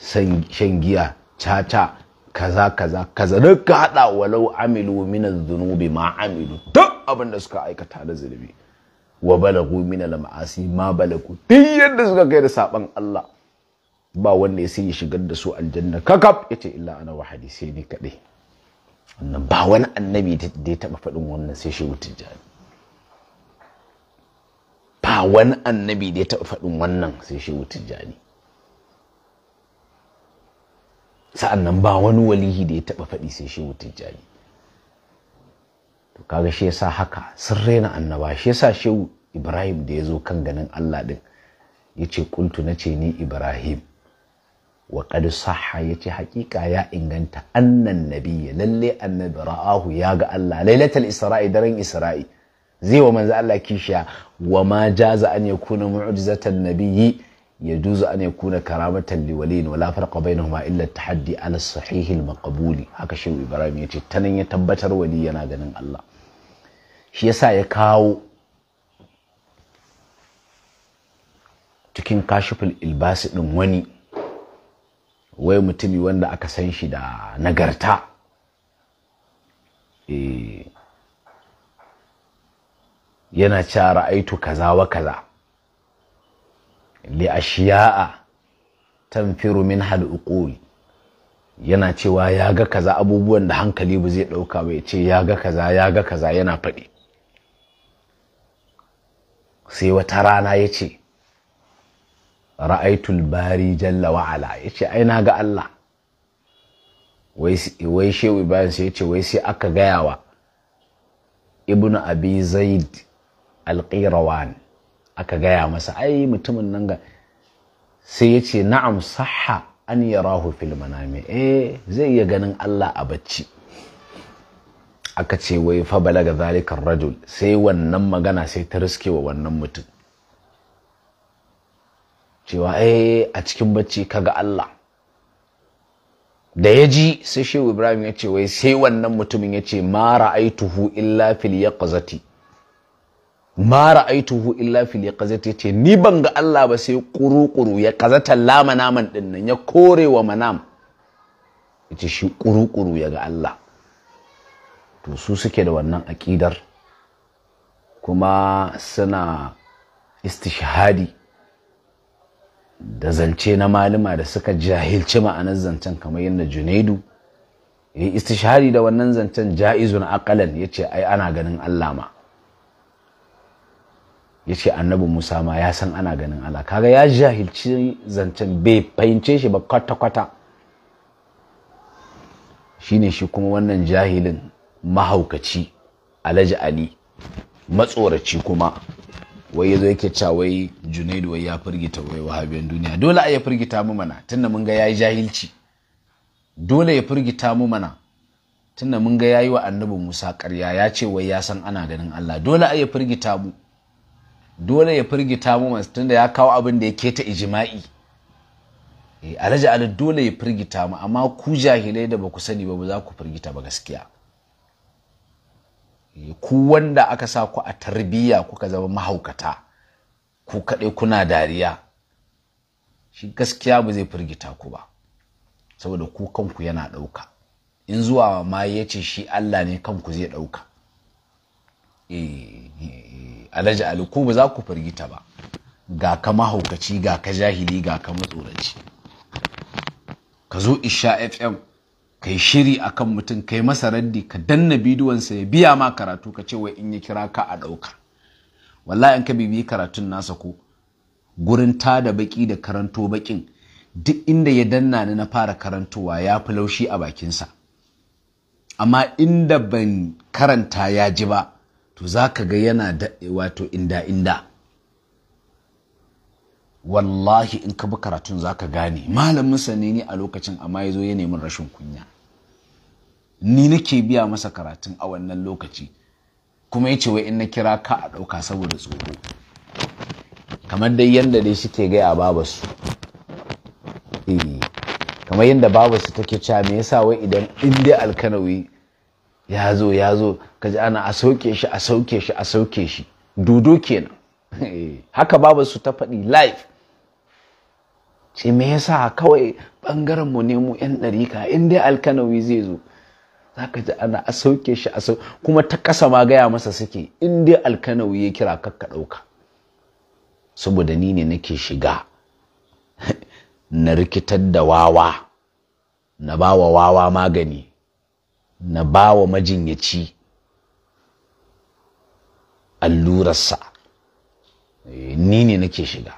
shan giya caca kaza kaza kaza duk ka hada walau amilu min dhunubi ma amilu duk abin da suka aikata da zulubi wa balagu min al-ma'asi ma balagu duk yadda suka kai da saban Allah ba wanda ya sai shigar da su aljanna kakab yace illa ana wahadi sai ni kadai wannan ba wani annabi da ya taba faɗin wannan sai shi tijjani ba wani annabi da ya taba faɗin wannan sai tijjani Sa'annan ba wani walihi da ya taɓa faɗi sai shi tijjani to kaga shi yasa haka sun raina annaba shi yasa shehu ibrahim da ya zo kan ganin allah ɗin ya ce kultu na ce ni ibrahim wa ƙadu saha ya ce haƙiƙa ya inganta annan nabiyya lalle annabi ra'ahu ya ga allah lailatul isra'i daren isra'i zai wa manzo allah kishiya wa ma jaza an yakuna mu'jizatan nabiyyi Ya an يجوز أن يكون كرامة لولين ولا فرق بينهما إلا التحدي على الصحيح المقبول هكا شو إبراهيم ya tabbatar wali, yana ganin Allah. shi yasa ya kawo cikin kashiful ilbasi ɗin wani wai mutumi wanda aka san shi da nagarta yana cewa aitu kaza wa kaza li ashiya'a tanfiru min hal uqul yana cewa ya ga kaza abubuwan da hankali ba zai ɗauka ba ya ce ya ga kaza ya ga kaza yana faɗi sai wata rana ya ce ra'aitul bari jalla wa'ala ya ce ai na ga Allah wai shehu ibrahim sai ya wai sai aka gaya wa ibnu abi zaid alƙirawan aka gaya masa ai mutumin nan ga sai ya ce na'am saha, an yarahu fil manami eh zai iya ganin Allah a bacci aka ce wai fa ga zalika rajul sai wannan magana sai ta riske wa wannan mutum cewa eh a cikin bacci ka ga Allah da ya ji sai shehu ibrahim ya ce wai sai wannan mutumin ya ce ma ra'aituhu illa fil yaqzati ma ra'aituhu illa fil yaqazati yace ni ban ga Allah ba sai kurukuru ya kazata lama naman din nan ya kore wa manam yace shi kurukuru ya ga Allah to su suke da wannan aƙidar kuma suna istishhadi da zance na malama da suka jahilci ma'anar zancen kamar yadda junaidu ya istishhadi da wannan zancen ja'izun aqalan yace ai ana ganin Allah ma ya ce annabi musa ma ya san ana ganin allah kaga ya jahilci zancen bai fahimce shi ba kwata-kwata shine shi kuma wannan jahilin mahaukaci alhaji ali matsoraci kuma wai ya zo yake cewa wai junaidu wai ya firgita wai wahabiyan duniya dole a ya firgita mu mana tunda mun ga ya yi jahilci dole ya firgita mu mana tunda mun ga ya yi wa annabi musa karya ya ce wai ya san ana ganin allah dole a ya firgita mu dole ya firgita mu masu tunda ya kawo abin da ya keta ijima'i eh, alhaji ali dole ya firgita mu amma ku jahilai da ba ku sani ba ba za ku firgita ba gaskiya eh, ku wanda aka sa ku a tarbiyya kuka zama mahaukata ku kaɗai kuna dariya shi gaskiya ba zai firgita ku ba saboda ku kanku yana ɗauka in zuwa ma ya ce shi Allah ne kanku zai ɗauka eh, Alaji ali ko ba za ku firgita ba ga ka mahaukaci ga ka jahili ga ka matsoraci ka zo isha fm ka yi shiri a kan mutum ka yi masa raddi ka danna bidiyonsa ya biya ma karatu ka ce wa in ya kira ka a ɗauka wallahi in ka bibi karatun nasa ko gurin ta da baki da karanto bakin duk inda ya danna ni na fara karantowa ya fi laushi a bakinsa amma inda ban karanta ya ji ba to za ka ga yana da wato inda inda wallahi in ka bi karatun za ka gane malamin sa ne a lokacin amma ya zo ya nemi rashin kunya ni nake biya masa karatun a wannan lokaci kuma ya ce wai in na kira ka a ɗauka saboda tsoro kamar dai yadda dai shi ke gaya babasu eh, kamar yadda babasu take cewa me yasa wai idan inda alkanawi ya zo ya zo ka ji ana a sauke shi a sauke shi a sauke shi dodo kenan eh, haka babu su ta faɗi live ce me yasa kawai ɓangaren mu ne mu yan ɗarika in dai alkanawi zai zo za ka ji ana a sauke shi a sauke kuma ta ƙasa ma gaya masa suke in dai alkanawi ya kira kakka ɗauka saboda ni ne nake shiga na rikitar da wawa na ba wa wawa magani na ba wa majinyaci allurarsa eh, ni ne nake shiga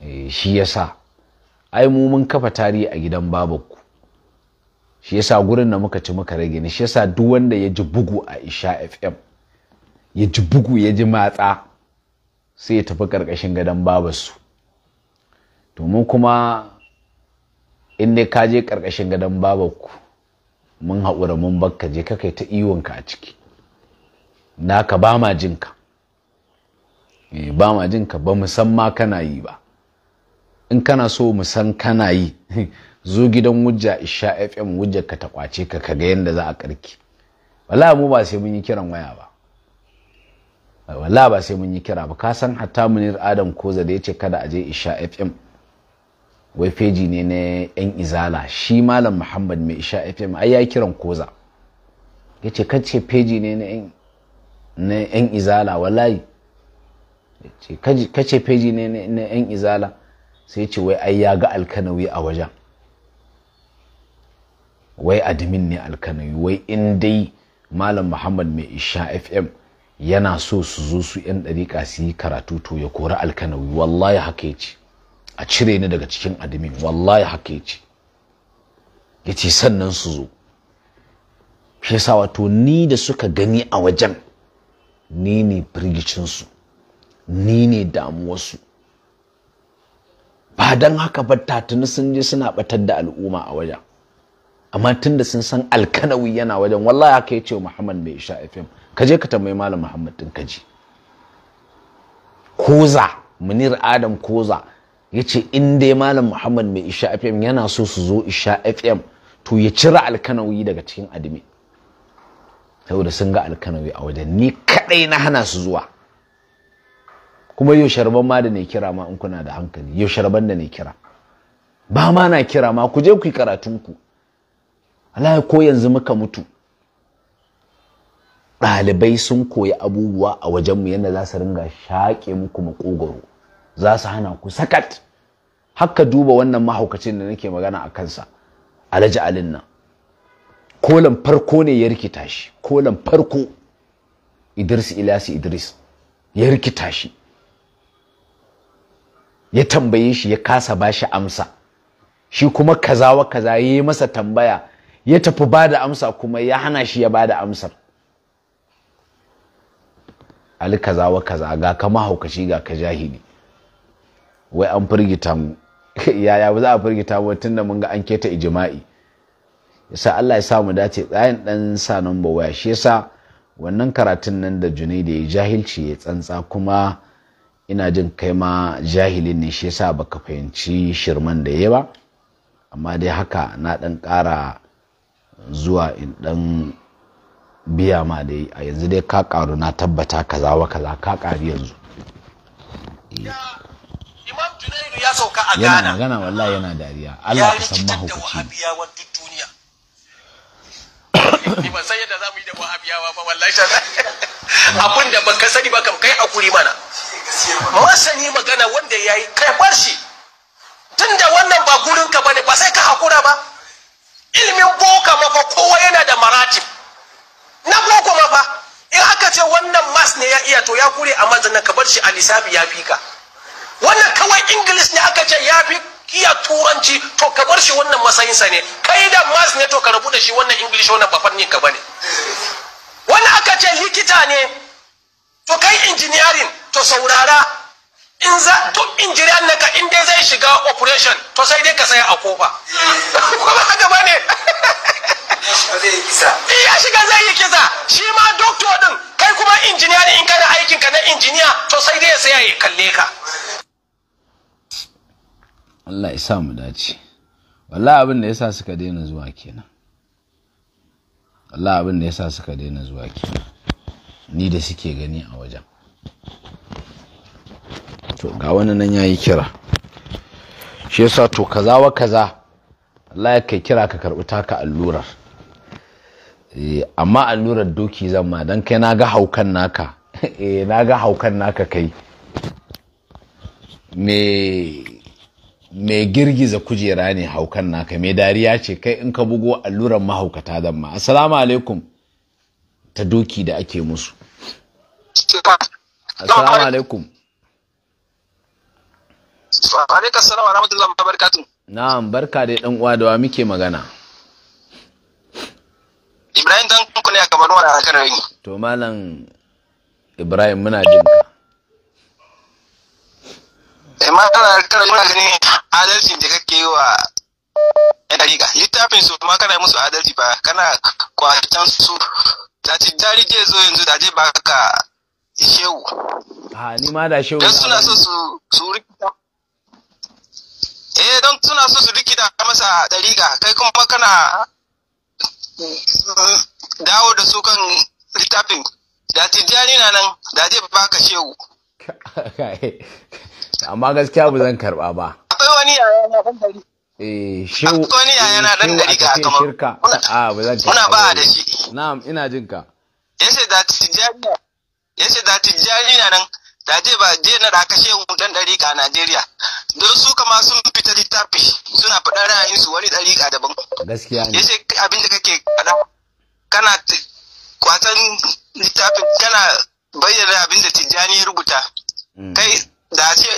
eh, shi ya sa, ai mu mun kafa tarihi a gidan babakku shi ya sa gurin da muka ci muka rage ni shi ya sa duk wanda ya ji bugu a isha fm ya ji bugu ya ji matsa sai ya tafi ƙarƙashin gadon babarsu to mu kuma in dai ka je ƙarƙashin gadon babanku mun haƙura mun bakka je ka kai ta iwonka a ciki naka ba ma jinka eh, ba ma jinka ba mu san ma kana yi ba in kana so mu san kana yi zo gidan wujja isha fm wujja ka ta kwace ka kaga yadda za a karki wala mu ba sai mun yi kiran waya ba wala ba sai mun yi kira ba ka san hatta munir adam koza da ya ce kada a je isha fm wai feji ne na yan izala shi malam muhammad mai isha fm ai ya kiran koza ya ce kace feji ne na yan izala wallahi kace feji ne na yan izala sai ce wai ai ya ga alkanawi a wajen wai admin ne alkanawi wai in dai malam muhammad mai isha fm yana so su zo su yan dariƙa su yi karatu to ya kori alkanawi wallahi haka ya ce a cire ni daga cikin adami wallahi haka yace yace sannan su zo shi yasa wato ni da suka gani a wajen ni ne firgicinsu ni ne damuwarsu ba don haka ba tatuni sun je suna batar da al'umma a wajen amma tun da sun san alkanawi yana wajen wallahi haka ya ce muhammad mai isha fm ka je ka tambayi malam muhammad din ka koza munir adam koza ya ce in dai malam muhammad mai isha fm yana so su zo isha fm to ya cire alkanawi daga cikin admin saboda sun ga alkanawi a wajen ni kadai na hana su zuwa kuma yau sharban ma da ne kira ma in kuna da hankali yau sharban da ne kira ba ma na kira ma ku je ku yi karatunku Allah ko yanzu muka mutu ɗalibai sun koyi abubuwa a wajenmu yadda za su ringa shaƙe muku makogoro za su hana ku sakat haka duba wannan mahaukacin da nake magana a kansa alaji alin nan kolan farko ne ya rikita shi kolan farko idris ilasi idris ya rikita shi ya tambaye shi ya kasa ba shi amsa shi kuma kaza wa kaza ya yi masa tambaya ya tafi ba da amsa kuma ya hana shi ya ba da amsar ali kaza wa kaza ga ka mahaukaci ga ka jahili wai an firgita mu yaya ba za a firgita mu tun da mun ga an keta ijima'i yasa Allah ya sa mu dace tsayin dan sa ba waya shi yasa wannan karatun nan da junai da ya jahilci ya tsantsa kuma ina jin kai ma jahilin ne shi yasa baka fahimci shirman da yayi ba amma dai haka na dan kara zuwa in dan biya ma dai a yanzu dai ka karu na tabbata kaza wa kaza ka kari yanzu ya sauka a Ghana yana magana wallahi yana dariya Allah ya san mahaukaci ya rikitar da duk duniya ni ban san yadda zamu yi da wahabiyawa ba wallahi ta abin da baka sani ba kam kai hakuri mana Ba sani magana wanda yayi kai bar shi tunda wannan ba gurin ka bane ba sai ka hakura ba ilimin boka mafa kowa yana da maratib na boko mafa in aka ce wannan mas ne ya iya to ya kure a manzan ka bar shi a lissafi ya fi ka wannan kawai ingilis ne aka ce ya fi iya turanci to ka bar shi wannan masayinsa ne kai da mas ne to ka rabu da shi wannan ingilis wannan bafan ne ka bane wannan aka ce likita ne to kai injiniyarin to saurara in za to injiniyan naka in dai zai shiga operation to sai dai ka saya a kofa kuma haka bane ya shiga zai yi kisa shi ma doktor din kai kuma injiniya ne in kana aikin ka na injiniya to sai dai ya saya ya kalle ka Allah ya sa mu dace wallahi abin da yasa suka daina zuwa kenan wallahi abin da yasa suka daina zuwa kenan ni da suke gani a wajen to ga wani nan yayi kira shi yasa to kaza wa kaza Allah ya kai kira ka karɓi taka allurar eh, amma allurar doki zan ma dan kai na ga haukan naka eh na ga haukan naka kai me mai girgiza kujera ne haukan naka mai dariya ce kai in ka bugo alluran mahaukata dan ma assalamu alaikum ta doki da ake musu assalamu alaikum Na assalamu da rahmatullahi na'am barka dai dan uwa da wa muke magana Ibrahim dan ku ne a wani a kan rayi to malam Ibrahim muna jinka amma kana kana kuna ganin adalcin da kake yi wa yan riga littafin su ma kana musu adalci ba kana kwatan su da ci dari je zo yanzu da je ba ka shehu a ni ma da shehu dan suna so su su rikita eh don suna so su rikita masa dariga kai kuma kana dawo da su kan littafin da tijjani na nan da je ba ka shehu amma gaskiya ba zan karba ba akwai wani yaya na dan dari eh shi akwai wani yaya na dan dari ka kamar shirka a ba zan karba muna ba da shi na'am ina jin ka yace da tijjaniya. yace da tijjaniya nan da je ba je na da kashe dan dari a Najeriya don su kama sun fita littafi suna faɗa ra'ayin su wani dariƙa daban gaskiya ne yace abin da kake faɗa kana kwatan littafin kana bayyana abin da Tijjani ya rubuta mm. kai da ce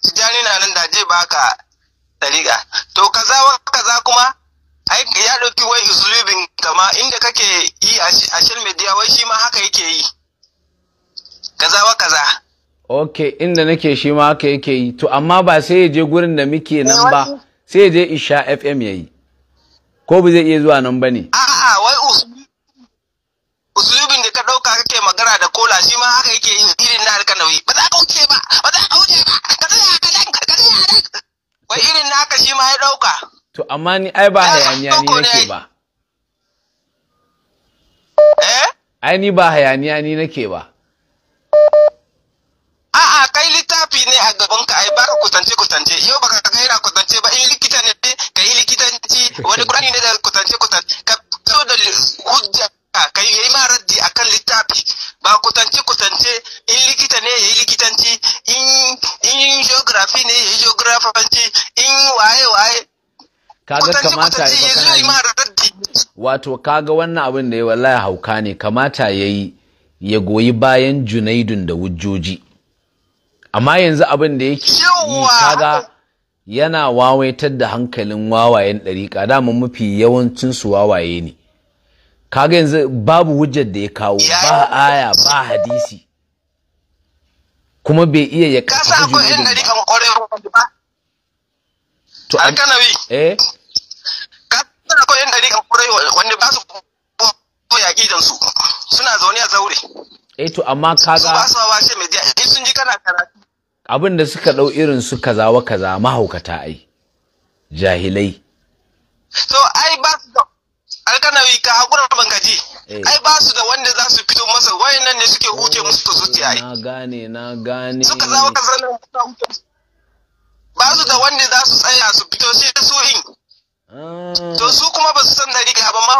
tijjani na nan da je baka dariƙa to kaza wa kaza kuma ai ya ɗauki wai usulubin kama inda kake yi a shil media wai shi ma haka yake yi kaza wa kaza Okay, inda nake shi ma haka yake yi to amma ba sai ya je gurin da muke nan ba eh, sai ya je isha fm ya yi ko ba zai iya zuwa nan ba ne a'a wai usulubin da ka ɗauka kake magana da kola shi ma haka yake yi irin na harkar nauyi ba za ka wuce ba ba ka tsaya ka tsaya wai irin naka shi ma ya ɗauka to amma ni ai ba hayaniya ni nake ba eh ai ni ba hayaniya ni nake ba A'a kai littafi ne a gaban ka ai baka kusance kusance yau baka gaira kusance ba in likita ne ka yi likitanci wani kurani ne da kusance kusance ka fito da hujja kai yayi ma raddi akan littafi ba kusance kusance in likita ne yayi likitanci in in geography ne yayi geographanci in waye waye kaga kamata ya raddi wato kaga wannan abin da ya wallahi hauka ne kamata yayi ya goyi bayan Junaidun da wujoji, amma yanzu abin da yake yi kaga yana wawaitar da hankalin wawayen ɗariƙa dama mafi yawancinsu wawaye ne kaga yanzu babu wujjar da ya kawo ba aya ba hadisi kuma bai iya ya kafa hujjar ba to an kanawi eh ka ko yan dari kan kurai wanda ba su yaƙi dan su suna zaune a zaure eh to amma kaga ba su wa ce mai in sun ji kana karatu abin da suka dau irin su kaza wa kaza mahaukata ai jahilai to ai ba su alkanawi ka hakura ban gaji eh. ai ba su da wanda za su fito masa wayan nan ne suke huce musu zuciya ai na gane na gane suka zama ka zana ba su da wanda za su tsaya su fito sai su in ah. to su kuma ba su san dariƙa ba ma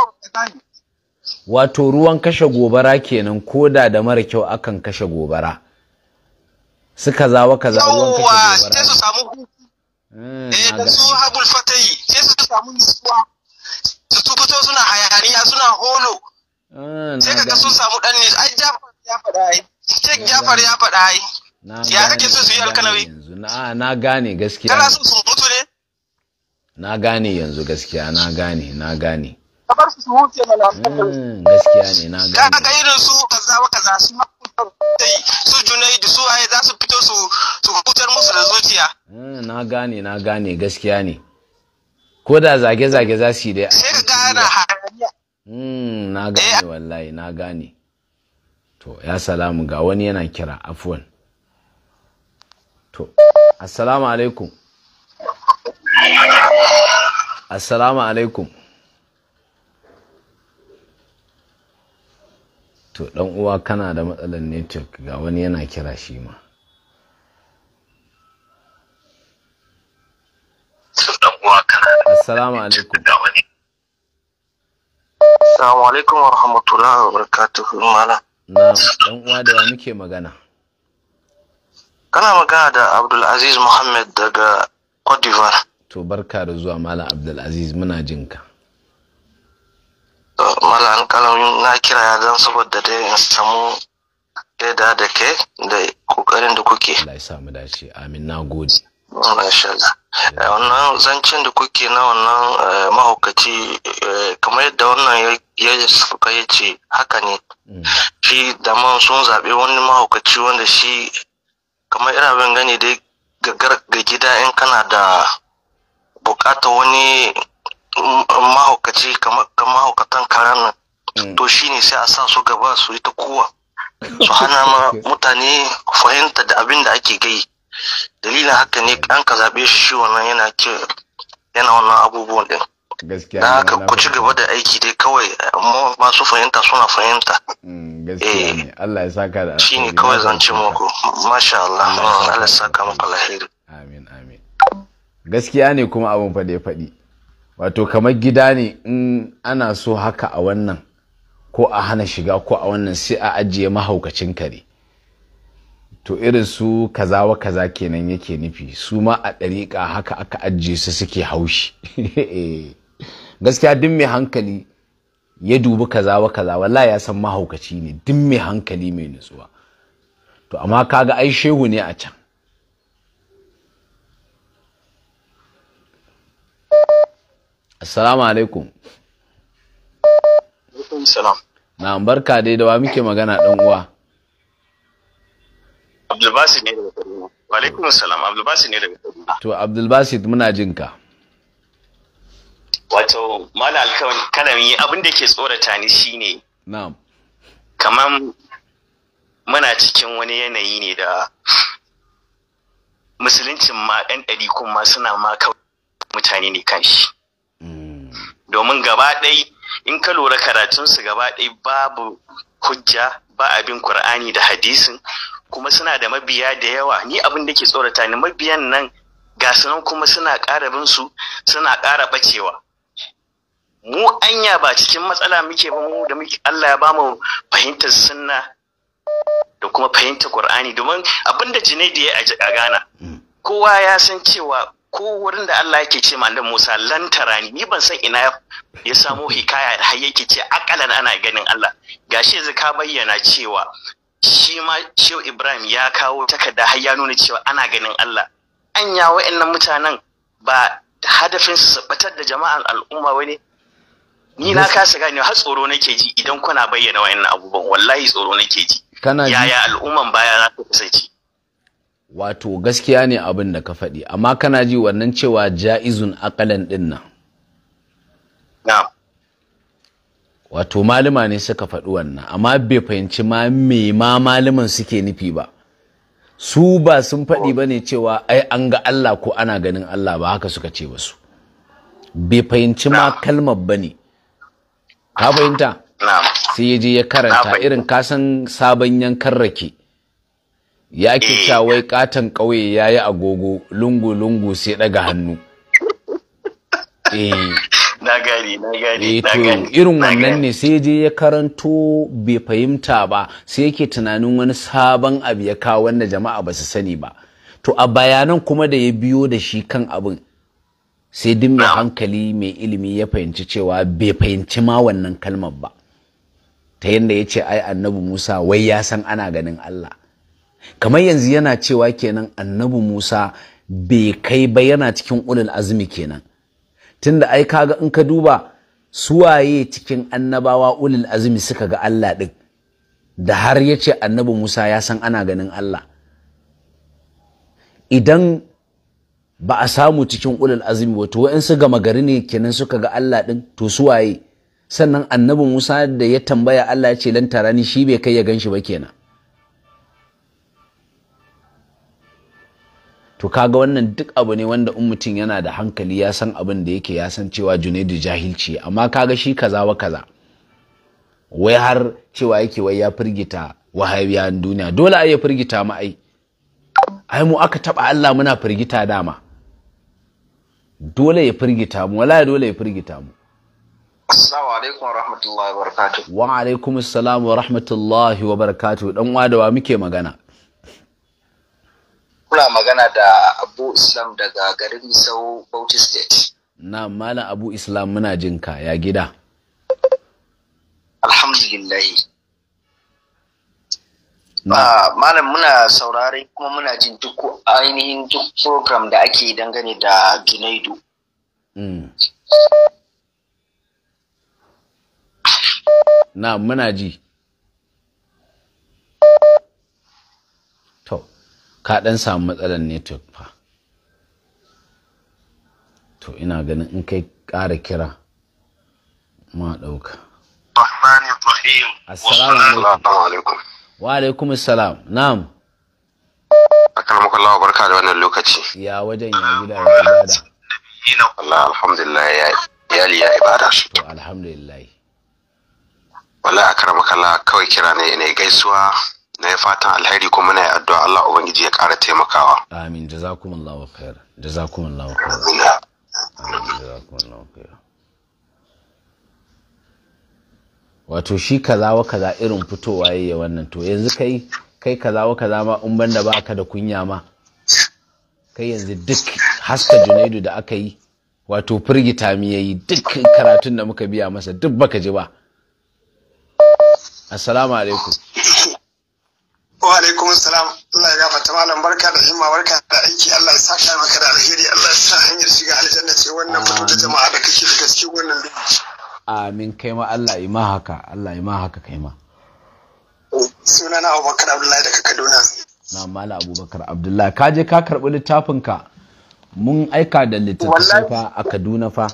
wato ruwan kashe gobara kenan koda da mara kyau akan kashe gobara su kaza wa kaza ruwan kashe gobara sai su samu ah, eh da su habul fatayi sai su samu nutsuwa su fito suna hayaniya suna holo ah, sai ka sun samu dan ne ai Jafar ya faɗa ai Sheikh Jafar ya faɗa ai ya kake so su yi alkanawi na na gane gaskiya kana so su mutu ne na gane yanzu gaskiya na gane na gane kabar su huce mana ah, gaskiya ne na gane ga irin su kaza wa kaza su sai su Junaidu su waye za su fito su su hutar musu da zuciya ah, na gane na gane gaskiya ne ko da zage-zage za su yi dai sai ka gane hayaniya hmm, na gane eh. wallahi na gane to ya salamu ga wani yana kira afuwan to assalamu alaikum assalamu alaikum to dan uwa kana da matsalar network ga wani yana kira shi ma Assalamu alaikum. Assalamu alaikum wa rahmatullahi wa barakatuhu mala. Na. dan uwa da muke magana. Kana magana da Abdul Aziz Muhammad daga Cote d'Ivoire. To barka da zuwa Malam Abdul Aziz muna jinka. Malam alƙalamin na kira ya dan saboda dai in samu gaida da ke da kokarin da kuke. Allah ya samu dace. Amin. Na gode. Eh, wannan zancen da kuke na wannan eh, mahaukaci eh, kamar yadda wannan ya suka ya ce haka ne mm. shi da sun zaɓe wani mahaukaci wanda shi kamar irabin gani dai ga gida in kana da bukatar wani mahaukaci kamar mahaukatan karan nan mm. to shi ne sai a sa su gaba su yi ta kowa su hana ma mutane fahimta da abin da ake gai dalilin haka ne an ka zaɓe shi shi wannan yana ce yana wannan abubuwan din na haka ku ci gaba da aiki dai kawai masu fahimta suna fahimta mm, eh, Allah ya saka da shi ne kawai zance muku masha Allah Allah ya saka maka lahiri amin amin gaskiya ne kuma abin faɗe faɗi wato kamar gida ne in ana so haka a wannan ko a hana shiga ko a wannan sai a ajiye mahaukacin kare to irin su kazawa kaza kenan yake nufi su ma a ɗariƙa haka aka ajiye su suke haushi eh. gaskiya duk mai hankali ya dubi kazawa kaza walla ya san mahaukaci ne duk mai hankali mai nutsuwa to amma kaga ai shehu ne a can assalamu alaikum na barka dai da wa muke magana ɗan uwa Abdulbasi ne daga Kaduna. Wa salam Abdulbasi ne daga Kaduna. To Abdulbasi muna jin ka. Wato mala alkawan kalami abin da ke tsorata ni shine. Na'am. Kaman muna cikin wani yanayi ne da musuluncin ma ɗan ɗari kuma suna ma kawai mutane ne kan shi. Mm. Domin gaba ɗai in ka lura karatunsu gaba ɗai babu hujja ba abin Kur'ani da hadisin kuma suna da mabiya da yawa ni abin da ke tsorata ni mabiyan nan ga nan kuma suna ƙara bin su suna ƙara bacewa mu anya ba cikin matsala muke ba mu da muke Allah ya bamu fahimtar sunna da kuma fahimtar Qur'ani domin abin da Junaid ya a Ghana hmm. kowa ya san cewa ko wurin da Allah yake ce Malam Musa lantara ni ban san ina ya samo hikaya har yake ce akalan ana ganin Allah gashi yanzu ka bayyana cewa shi ma Shehu Ibrahim ya kawo takarda har ya nuna cewa ana ganin Allah anya wa'annan mutanen ba hadafin su batar da jama'an al'umma wani ni na kasa gane har tsoro nake ji idan kuna bayyana wa'annan abubuwan wallahi tsoro nake ji yaya al'umman baya za ta kasance wato gaskiya ne abin da ka faɗi amma kana ji wannan cewa ja'izun akalan ɗin nan na'am wato malama ne suka faɗi wannan amma bai fahimci ma me ma malaman suke nufi ba su ba sun faɗi ba ne cewa ai an ga Allah ko ana ganin Allah ba haka suka ce ba bai fahimci ma kalmar ba ne ka fahimta sai ya je ya karanta irin kasan sabon yankan rake ya ke eh. wai katon ƙauye ya yi agogo lungu-lungu sai ɗaga hannu eh na gari na gari na gane eh irin wannan ne sai je ya karanto bai fahimta ba sai yake tunanin wani sabon abu ya kawo wanda jama'a ba su sani ba to a bayanan kuma da ya biyo da shi kan abin sai duk mai hankali mai ilimi ya fahimci cewa bai fahimci ma wannan kalmar ba ta yadda ya ce ai annabi musa wai ya san ana ganin allah kamar yanzu yana cewa kenan annabi musa bai kai ba yana cikin ulul azumi kenan da ai kaga in ka duba suwaye cikin annabawa ulul azumi suka ga Allah ɗin da har ya ce annabi Musa ya san ana ganin Allah idan ba a samu cikin ulul azumi wato su gama gari ne kenan suka ga Allah ɗin to suwaye sannan annabi Musa da ya tambaya Allah ya ce lan tarani shi bai kai ya gan shi ba kenan to kaga wannan duk abu ne wanda in mutum yana da hankali ya san abin da yake ya san cewa junaidu jahilci amma kaga shi kaza wa kaza wai har cewa yake wai ya firgita wahabiyan duniya dole ai ya firgita mu ai ai mu aka taba Allah muna firgita dama dole ya firgita mu wala dole ya firgita mu Assalamu alaikum warahmatullahi wabarakatuh wa alaikum assalam wa rahmatullahi wa barakatuh dan wa da wa muke magana kuna magana da Abu Islam daga garin Misau Bauchi State. Na Malam Abu Islam muna jin ka ya gida. Alhamdulillah. Ah, Malam muna saurari kuma muna jin duk ainihin duk program da ake dangane da Junaidu. Mm. Na muna ji. ka ɗan samu matsalar network fa to ina ganin in kai ƙara kira ma ɗauka assalamu alaikum wa alaikum assalam na'am akarmuka Allah barka da wannan lokaci ya wajen ya gida ya ibada Allah alhamdulillah ya iyali ya ibada to alhamdulillah wala akarmuka Allah kawai kira ne ne gaisuwa na yi fatan alheri kuma na yi addu'a Allah ubangiji ya ƙara taimakawa amin jazakumullahu khair jazakumullahu khair amin jazakumullahu khair wato shi kaza kaza irin fitowa yayi wannan to yanzu kai kai kaza wa kaza ma in banda baka da kunya ma kai yanzu duk haska junaidu da aka yi wato firgita mi yayi duk karatun da muka biya masa duk baka ji ba assalamu alaikum wa alaikum salam Allah ya gafarta malam barka da himma barka da aiki Allah ya sa saka maka da alheri Allah ya sa hanyar shiga aljanna ce wannan mutum da jama'a da kake da gaske wannan dubu amin kai ma Allah yi ma haka Allah yi ma haka kai ma sunana Abubakar Abdullahi daga Kaduna na mala Abubakar Abdullahi ka je ka karbi littafin ka mun aika da littattafai fa a Kaduna fa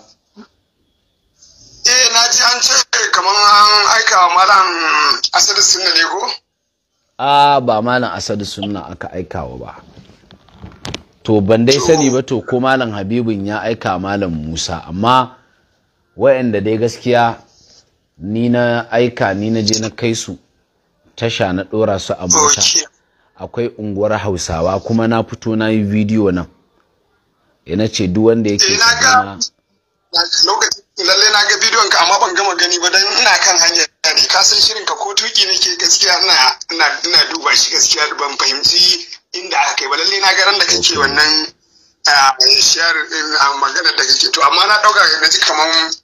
eh na ji an ce kamar an aika malam Asadu Sunna ne ko a ba malam asadu sunna aka aikawa ba to ban dai sani ba to ko malam habibun ya aika malam musa amma wa'anda dai gaskiya ni na aika ni na je na kai su tasha na dora su a mota akwai unguwar hausawa kuma na fito na yi bidiyo nan ina eh, ce duk wanda yake eh, kaduna lokacin lalle na ga bidiyon ka amma ban gama gani ba don ina kan hanyar daɗi ka san shirin ka ko tuki nake gaskiya ina duba shi gaskiya ban fahimci inda aka yi ba lalle na garan da kake wannan shiyar magana da kake to amma na ɗauka ga ji kaman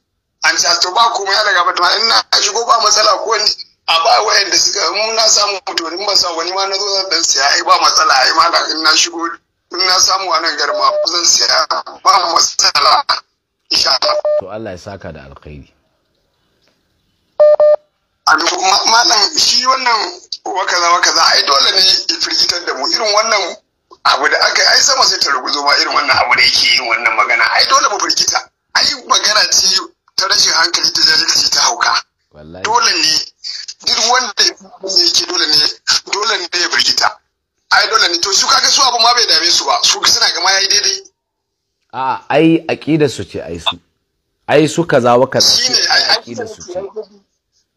an ci to ba kuma ya daga fata in na shigo ba matsala ko a ba wayanda suka mu na samu to in ba sa wani ma na zo zan dan siya ai ba matsala ai ma in na shigo in na samu anan garma zan siya ba matsala insha Allah to Allah ya saka da alkhairi malam shi wannan wakaza wakaza ai dole ne ya firgitar da mu irin wannan abu da aka ai sama sai ta ruguzo ma irin wannan abu da yake yin wannan magana ai dole mu firgita ai magana ce ta rashin hankali ta jahilci ta hauka dole ne duk wanda ya yake dole ne dole ne ya firgita ai dole ne to su kaga su abu ma bai dame su ba su suna ga ma yayi daidai a ai aqida su ce ai su ai su kaza wa kaza shine ai aqida su ce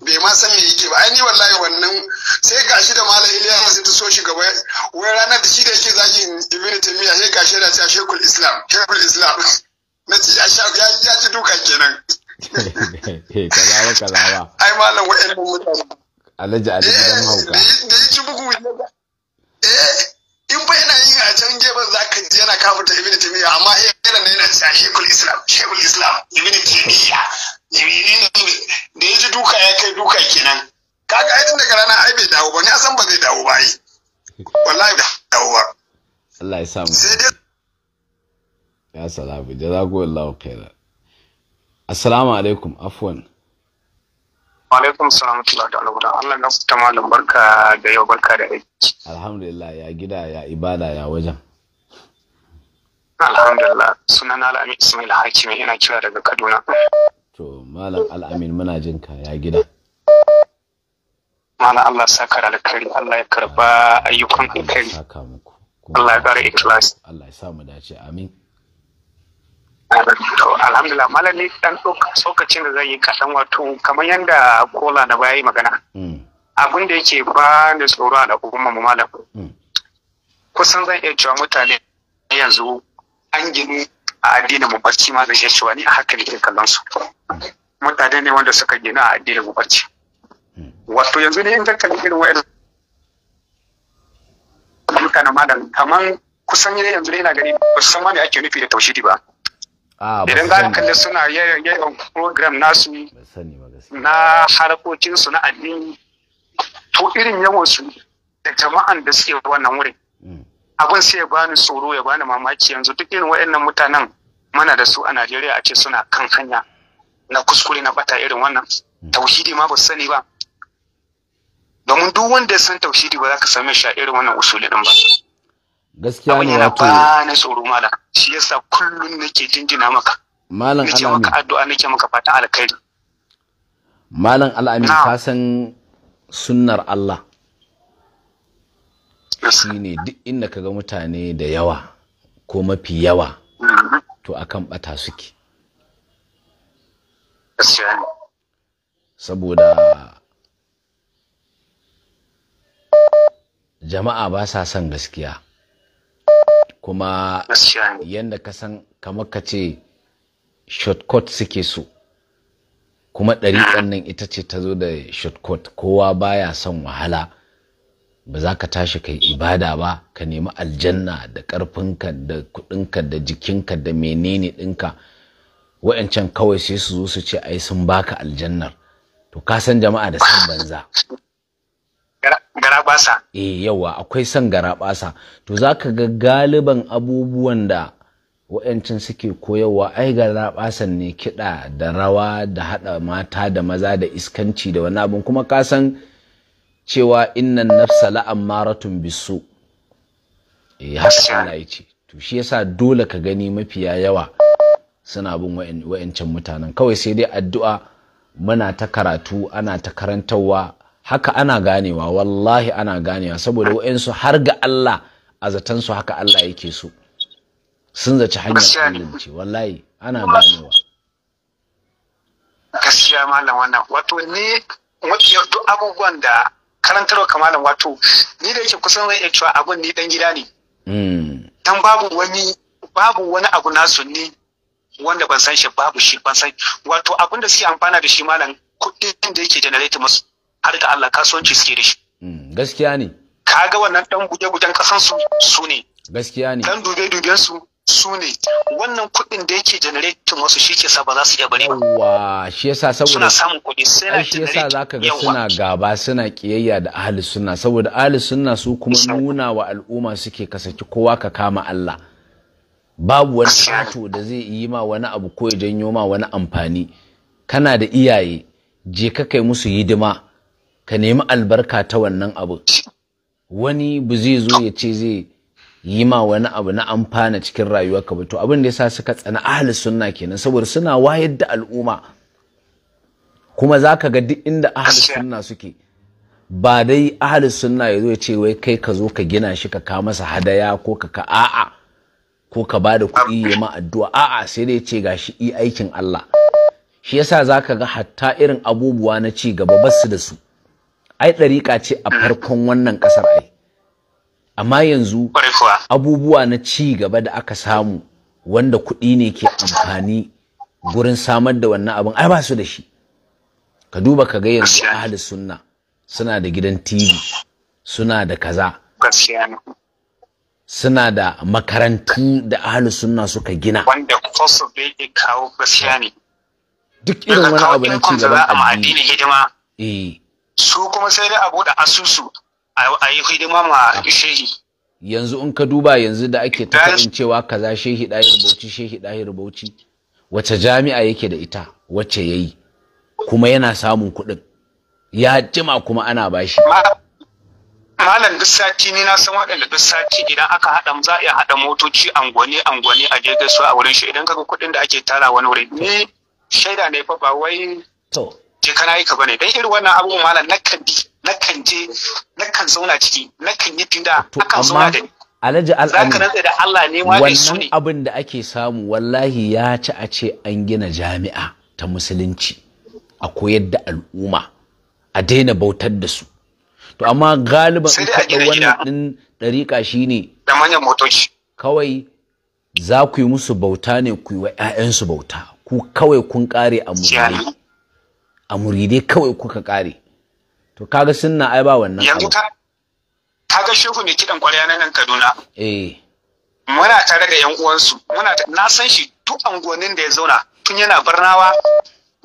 bai ma san me yake ba ai ni wallahi wannan sai gashi da malam Iliya sai ta so shi gaba wai ranar da shi da yake zaki immunity miya sai gashi da ta shekul Islam Shekul Islam nace ya sha ya ya ci duka kenan eh, kazawa kazawa ai malam wa'annan mutane alaji alaji dan eh, hauka da yake bugu eh in ba yana yin a can gefe za ka ji yana kafa ta ibn miya amma yana yana cewa shekul islam shekul islam ibn miya da ya ji duka ya kai duka kenan kaga ai daga rana ai bai dawo ba ni san ba zai dawo ba ai wallahi da dawo ba Allah ya samu ya salamu jazakumullahu khairan assalamu alaikum afwan alaikum salamatullahi ta'ala guda Allah ya fita malam barka da yau barka da aiki alhamdulillah ya gida ya ibada ya wajen alhamdulillah sunana Al'ami Ismail Hakimi ina kira daga Kaduna To, Malam Al'amin muna jin ka ya gida. Malam Allah saka da alkhairi, Allah ya karba ayyukan alkhairi. Allah ya ƙara ikilasi. Allah ya sa mu dace, amin. To, alhamdulillah, Malam ne ɗan tsokacin da zai yi kaɗan wato kamar yadda kola da baya yi magana. Mm. Abin da yake ba da tsoro a al'umma mu malam. Mm. Kusan zan iya cewa mutane yanzu an gini. a addinin barci ma zai cewa ni a haka nake kallon su mutane ne wanda suka gina a addinin barci. wato yanzu ne in ka kalli irin wa'in mutanen malam kaman kusan ne yanzu ne ina gani ba san ma me ake nufi da taushidi ba ah, idan za ka kalli suna yayin program nasu na su na addini to irin yawan su da jama'an da suke wannan wurin hmm. abin sai ya bani tsoro ya bani mamaki yanzu duk irin waɗannan mutanen mana da su a Najeriya a ce suna kan hanya na kuskure na bata irin wannan hmm. tauhidi ma ba su sani ba domin duk wanda ya san tauhidi ba za ka same shi a irin wannan usuli din ba gaskiya ne ba bani tsoro malam shi yasa kullum nake jinjina maka malam alamin nake maka addu'a nake maka fata alkhairi malam alamin ka san sunnar Allah shi ne duk inda ka ga mutane da yawa ko mafi yawa to akan bata suke saboda jama'a ba sa son gaskiya kuma yadda ka san kamar ka ce shortcut suke so kuma ɗariƙan nan ita ce ta zo da shortcut kowa baya son wahala ba za ka tashi kai ibada ba ka nemi aljanna da ƙarfinka da kuɗinka da jikinka da menene ɗinka wa'yancan kawai sai su zo su ce ai sun baka aljannar to ka san jama'a da san banza garabasa eh yawa akwai son garabasa to za ka ga galiban abubuwan da wa'yancin suke koyarwa ai garabasan ne kiɗa da rawa da haɗa mata da maza da iskanci da wani abin kuma ka san cewa innan nafsa la'ammaratun bisu eh haka Allah ya ce to shi yasa dole ka gani mafiya yawa suna bin wa'ancan mutanen kawai sai dai addu'a muna ta karatu ana ta karantarwa haka ana ganewa wallahi ana ganewa saboda wa'ansu har ga Allah a zatansu haka Allah yake so sun zaci hanyar ilimi wallahi ana ganewa gaskiya malam wannan wato ne wato abubuwan da karantarwa kamalan wato ni da yake kusan zan iya cewa abun ni dan gida ne hmm. dan babu wani babu wani abu na ni wanda ban san shi babu shi ban san wato abin da suke amfana da shi malam kuɗin da yake generate musu har da Allah kasuwanci suke da shi hmm. gaskiya ne kaga wannan dan guje-gujen kasan su su ne gaskiya ne dan dube-duben su su ne wannan kuɗin da yake generating wasu shi ke sa ba za su iya bari ba Wa shi sa saboda suna samun kuɗi sai na shi za zaka ga suna gaba suna ƙiyayya da ahli sunna saboda ahli sunna su kuma nuna wa al'umma suke kasance kowa ka kama Allah babu wani sato da zai yi ma wani abu ko ya janyo ma wani amfani kana da iyaye je ka kai musu hidima ka nemi albarka ta wannan abu wani bu zai zo ya ce zai yi ma wani abu na amfana cikin rayuwarka ba to abin da yasa suka tsana ahli sunna kenan saboda suna wayar da al'umma kuma zaka ga duk inda ahli sunna suke ba dai ahli sunna ya zo ya ce wai kai ka zo ka gina shi ka kawo masa hadaya ko ka ka a'a ko ka bada kuɗi ya ma addu'a a'a sai dai ce gashi i aikin Allah shi yasa zaka ga hatta irin abubuwa na ci gaba basu da su ai ɗariƙa ce a farkon wannan ƙasar ai amma yanzu abubuwa na ci gaba da aka samu wanda kuɗi ne ke amfani gurin samar da wannan abin ai ba su da shi ka duba ka ga yanzu ahli sunna suna da gidan tv suna da kaza suna da makarantu da ahli sunna suka gina wanda kwasu kawo gaskiya ne duk irin wani abu na ci gaban addini hidima eh su kuma sai dai a bude asusu ayi hidima ma shehi yanzu in ka duba yanzu da ake ta cewa kaza shehi ɗahir bauchi shehi ɗahir bauchi wace jami'a yake da ita wace ya yi kuma yana samun kuɗin ya jima kuma ana bashi malam duk sati ni na san waɗanda duk sati idan aka haɗa za a iya haɗa motoci angwani angwani a je gaisuwa a wurin shi idan kaga kuɗin da ake tara wani wuri ni shaida ne fa ba wai je kana yi ka bane dan irin wannan abubuwan malam na kadi na kan je na kan zauna ciki na kan yi fira akan zauna da ni alhaji al'amin da Allah ne ne. wannan abin da ake samu wallahi ya ci a ce an gina jami'a ta musulunci a koyar da al'umma a daina bautar da su to amma galiban in kaɗa wannan ɗin ɗariƙa shi ne, da manyan motoci kawai za ku yi musu bauta ne ku yi wa 'ya'yansu bauta ku kawai kun ƙare a muridai a muridai kawai kuka ƙare to kaga sunna ai ba wannan yanzu ka kaga shehu mai kidan kwarya na nan Kaduna eh muna tare da yan uwansu muna na san shi duk angonin da ya zauna tun yana barnawa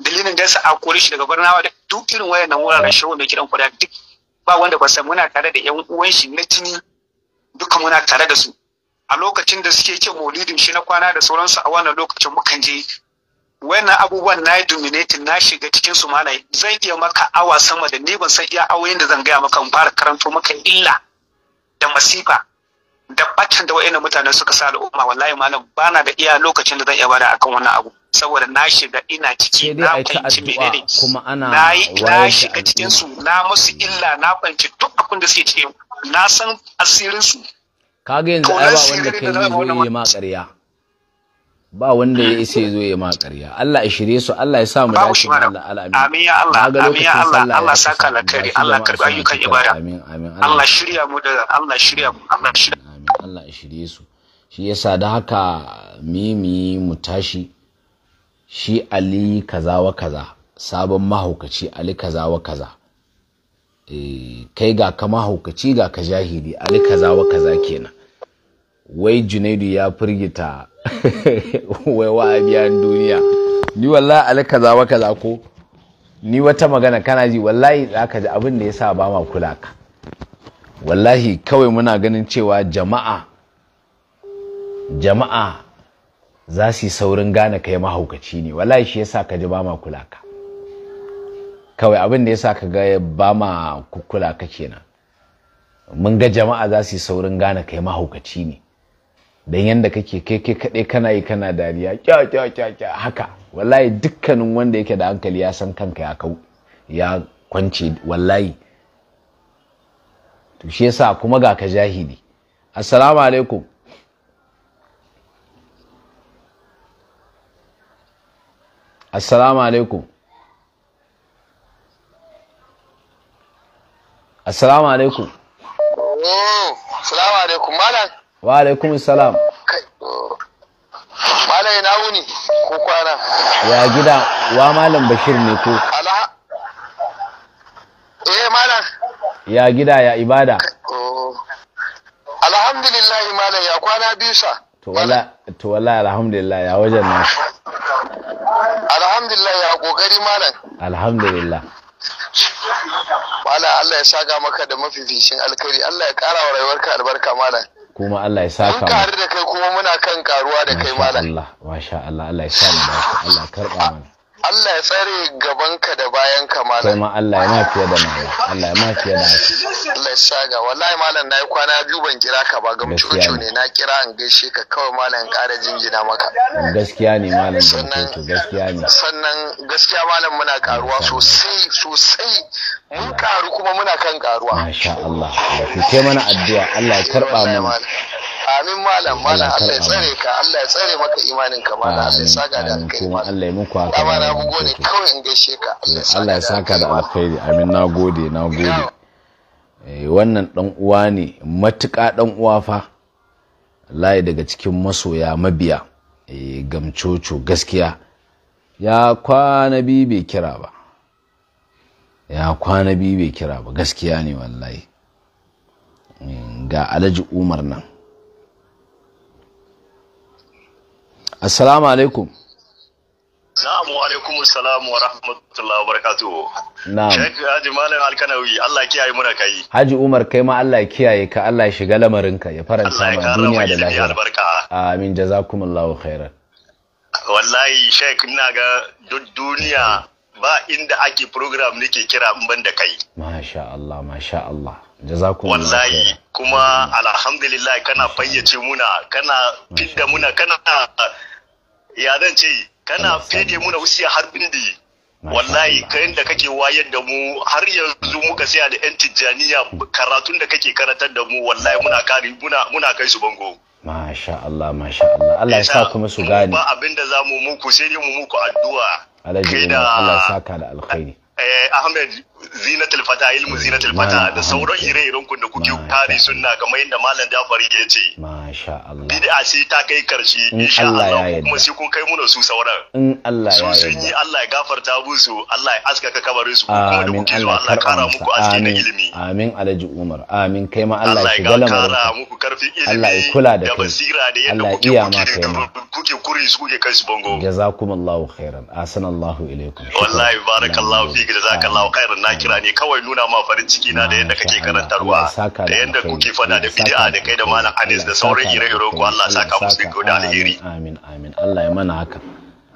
dalilin da sa a kore shi daga barnawa da duk irin nan wuraren shehu mai kidan kwarya duk ba wanda ba san muna tare da yan uwan shi na jini duka muna tare da su a lokacin da suke ke maulidin shi na kwana da sauransu a wannan lokacin mukan je wannan abubuwan na yi na shiga cikin su mana zan iya maka awa sama da ni ban san iya awoyin da zan gaya maka in fara karanto maka illa da masifa da batan da wa'ina mutane suka sa al'umma wallahi malam bana da iya lokacin da zan iya bada akan wannan abu saboda na shiga ina ciki na kwanci menene kuma ana na shiga cikin su na musu illa na kwanci duk abin da suke ciki na san asirin su kaga yanzu ai ba wanda kai yi ma ƙarya ba wanda ya isa zo ya ma ƙarya Allah ya shirye su Allah ya sa mu dace Allah alamin amin ya Allah amin ya Allah Allah saka lakari Allah karba ayyukan ibada amin amin Allah shirya mu da Allah shirya mu Allah shirya amin Allah ya shirye su shi yasa da haka mimi mu tashi shi Ali kaza wa kaza sabon mahaukaci Ali kaza wa kaza eh, kai ga ka mahaukaci ga ka jahili Ali kaza wa kaza kenan wai Junaidu ya firgita wai wa a biyan duniya ni wallahi alaka kaza wa za ko ni wata magana kana ji wallahi za ka ji abin da ya sa ba ma kula ka wallahi kawai muna ganin cewa jama'a jama'a za su yi saurin gane kai mahaukaci ne wallahi shi yasa ka ji ba ma kula ka kawai abin da yasa ka ga ba ma kula ka kenan mun ga jama'a za su yi saurin gane kai mahaukaci ne don yadda kake kai kai kaɗai kana yi kana dariya kya kya kya kya haka wallahi dukkanin wanda yake da hankali ya san kanka ya kau ya kwance wallahi to shi yasa kuma ga ka jahili assalamu alaikum assalamu alaikum assalamu alaikum assalamu alaikum malam wa alaikum salam malai na wuni ko kwana ya gida wa malam bashir ne ko eh malam ya gida ya ibada alhamdulillah malam ya kwana biyu sa to wala to wala alhamdulillah ya wajen na. alhamdulillah ya kokari malam alhamdulillah wala Allah ya saka maka da mafificin alkhairi Allah ya kara wa rayuwarka albarka malam kuma Allah ya saka mu tare da kai kuma muna kan karuwa da kai malam masha Allah masha Allah Allah ya sa mu Allah karba mana Allah ya tsare gabanka da bayan ka malam kai ma Allah ya ma fiye da malam Allah ya ma fiye da haka Allah ya shaga. wallahi malam na yi kwana biyu ban kira ka ba ga mutuci ne na kira an gaishe ka kawai malam ƙara jingina maka gaskiya ne malam mutuci gaskiya ne sannan gaskiya malam muna karuwa sosai sosai mun karu kuma muna kan karuwa masha Allah ku ce mana addu'a Allah ya karba mana amin malam malam Allah ya tsare ka Allah ya tsare maka imanin ka malam Allah ya saka da alkhairi kuma Allah ya muku haka amma na gode kawai in gaishe ka eh, Allah ya saka da alkhairi amin na gode na gode eh, wannan dan uwa ne matuƙa dan uwa fa layi daga cikin masoya mabiya eh, gamcocho gaskiya ya kwana bi bai kira ba ya kwana bi bai kira ba gaskiya ne wallahi ga alhaji umar nan Assalamu alaikum. Assalamu alaikum salam wa rahmatullahi wa barakatuhu. Na'am. Sheikh Haji Malam Alkanawi, Allah kiyaye muna kai. Haji Umar kai ma Allah kiyaye ka, Allah ya shiga ka, ya faranta ma duniya da lafiya. Amin jazakumullahu khairan. Wallahi Sheikh ina ga duk duniya ba inda ake program nake kira in ban da kai. Masha Allah, masha Allah. Jazakumullahu Wallahi kuma alhamdulillah kana fayyace muna, kana fidda muna, kana ya zan ce kana fede muna harbin har bindi wallahi kayan da kake wayar da mu har yanzu muka saya da yan tijjaniya karatun da kake karatar da mu wallahi muna kari muna kai su bango masha Allah masha Allah Allah ya sa kuma su gane ba abin da zamu muku sai dai mu muku addu'a Allah ya saka da alkhairi eh Ahmed zinatul fata ilmu zinatul fata da sauran ire-iren ku da kuke kare sunna kamar yadda malam Jafar ya ce masha Allah bid'a sai ta kai karshe insha Allah kuma sai kun kai muna su sauran in Allah ya yarda sun yi Allah ya gafarta musu Allah ya askaka kabarin su kuma da kuke zuwa Allah ya kara muku aski da ilimi amin Alhaji Umar amin kai ma Allah ya shiga lamarin Allah ya kara muku karfin ilimi Allah ya kula da kai basira da yadda kuke kuke kure su kuke kai su bango jazakumullahu khairan ahsanallahu ilaikum wallahi barakallahu fiki jazakallahu khairan kira ne kawai nuna ma farin ciki na da yadda kake karantarwa da yadda kuke fada da bid'a da kai da malam Anis da sauran ire-iren ku Allah saka musu da alheri amin amin Allah ya mana haka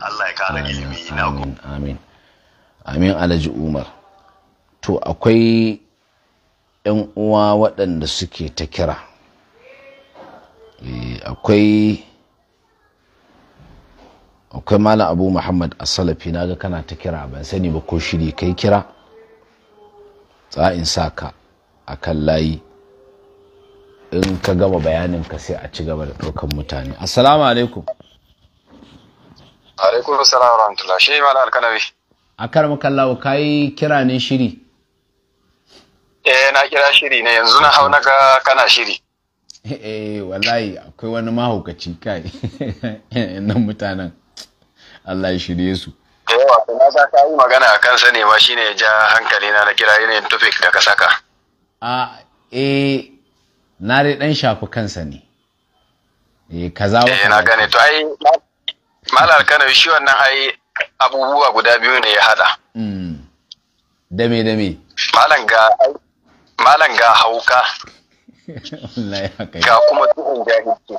Allah ya kara ilimi na ku amin amin Alhaji Umar to akwai ƴan uwa waɗanda suke ta kira eh, akwai akwai malam abu muhammad asalafi naga kana ta kira ban sani ba ko shiri kai kira za in sa ka a kan layi in ka gama bayanin ka sai a ci gaba da ɗaukan mutane assalamu alaikum alaikum assalamu rahmatullah shi ma da alkalawi a kar makallawo ka yi kira ne shiri eh na kira shiri ne yanzu na hau na ga kana shiri eh, eh wallahi akwai wani mahaukaci kai nan mutanen Allah ya shirye su da yawa kuma za ka yi magana a kan sani ma shine ja hankali na na kira yanayin topic da ka saka a eh na dai dan shafi kansa ne eh kaza wa eh, na gane to ai malal kana shi wannan ai abubuwa guda biyu ne ya hada mm dame dame malam ga malam ga hauka wallahi ga kuma duhun jahilci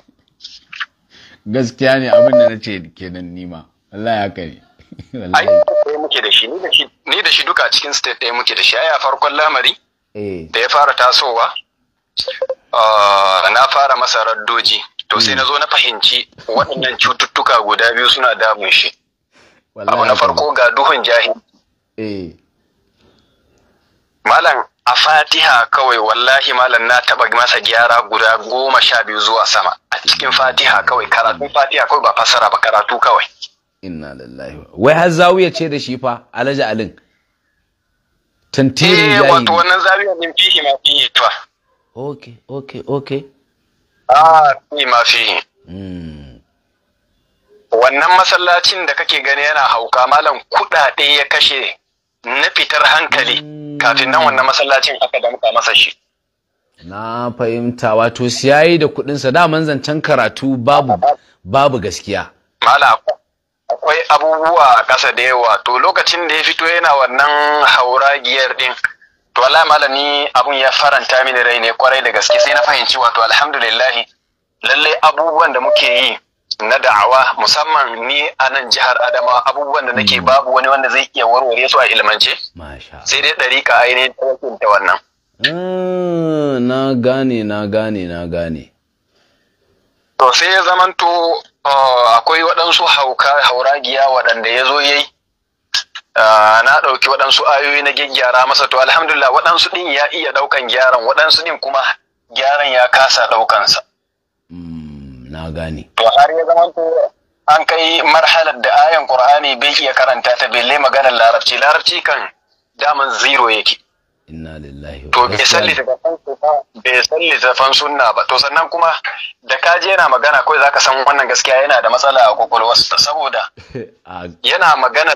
gaskiya ne abin da nace kenan nima wallahi haka ne ai sai muke da shi ni da shi duka cikin state ɗaya muke da shi ai a farkon lamari eh. da ya fara tasowa ah, na fara masa raddoji to sai hmm. na zo na fahimci waɗannan cututtuka guda biyu suna damun shi abu na farko ga duhun jahi. Eh. malam a fatiha kawai wallahi malam na taɓa masa gyara guda goma sha biyu zuwa sama a cikin fatiha kawai karatu fatiha kawai ba fassara ba karatu kawai inna lillahi wai har zawiya ce da shi fa alhaji alin tantirin ya eh wato wannan zawiya din fihi ma fihi to okay okay okay ah fihi ma fihi hmm. wannan masallacin da kake gani yana hauka malam kudade ya kashe na fitar hankali hmm. kafin nan wannan masallacin aka damka masa shi na fahimta wato siyayi da kudinsa daman zancen karatu babu babu gaskiya malam akwai abubuwa a ƙasa da yawa to lokacin da ya fito yana wannan haura giyar din to wallahi malami abun ya faranta mini rai ne kwarai da gaske sai na fahimci wato alhamdulillah lallai abubuwan da muke yi na da'awa musamman ni a nan jihar Adama abubuwan da nake mm. babu wani wanda zai iya warware su a ilmance sai dai ɗariƙa ainihin ta wannan ah, na gane na gane na gane to sai ya zamanto Ah, akwai waɗansu hauragiya waɗanda ya zo ya yi ah, na ɗauki waɗansu ayoyi na gyaggyara masa to alhamdulillah waɗansu ɗin ya iya ɗaukan gyaran waɗansu ɗin kuma gyaran ya kasa ɗaukansa. Hmm, na gane. to har ya zama an kai marhalar da ayan ƙur'ani bai iya karanta ta belle maganar larabci larabci kan daman zero yake. inna lillahi to bai salli littafan sunna ba to sannan kuma da ka je yana magana kai zaka san wannan gaskiya yana da matsala a kwakwalwarsa saboda yana magana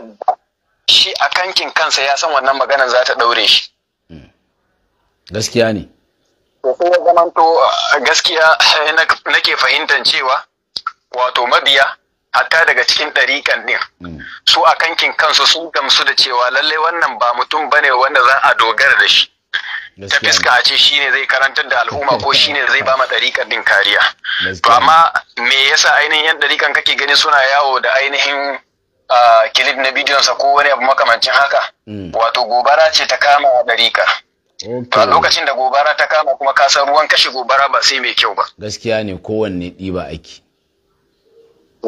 shi a kankin kansa ya san wannan maganan za ta daure shi hmm. gaskiya ne to sai ya zamanto gaskiya eh, nake fahimtar cewa wato mabiya hatta daga cikin ɗarikan ɗin hmm. su a kankin kansu sun gamsu da cewa lallai wannan ba mutum bane wanda za a dogara da shi ta fiska a ce shine zai karantar da al'umma ko shine zai ba ma ɗin kariya to amma me yasa ainihin yan ɗariƙan kake gani suna yawo da ainihin kilif na bidiyonsa ko wani abu makamancin haka hmm. wato gobara ce ta kama ɗariƙa a lokacin da gobara ta kama kuma kasan ruwan kashe gobara ba sai mai kyau ba gaskiya ne kowanne ɗiba ake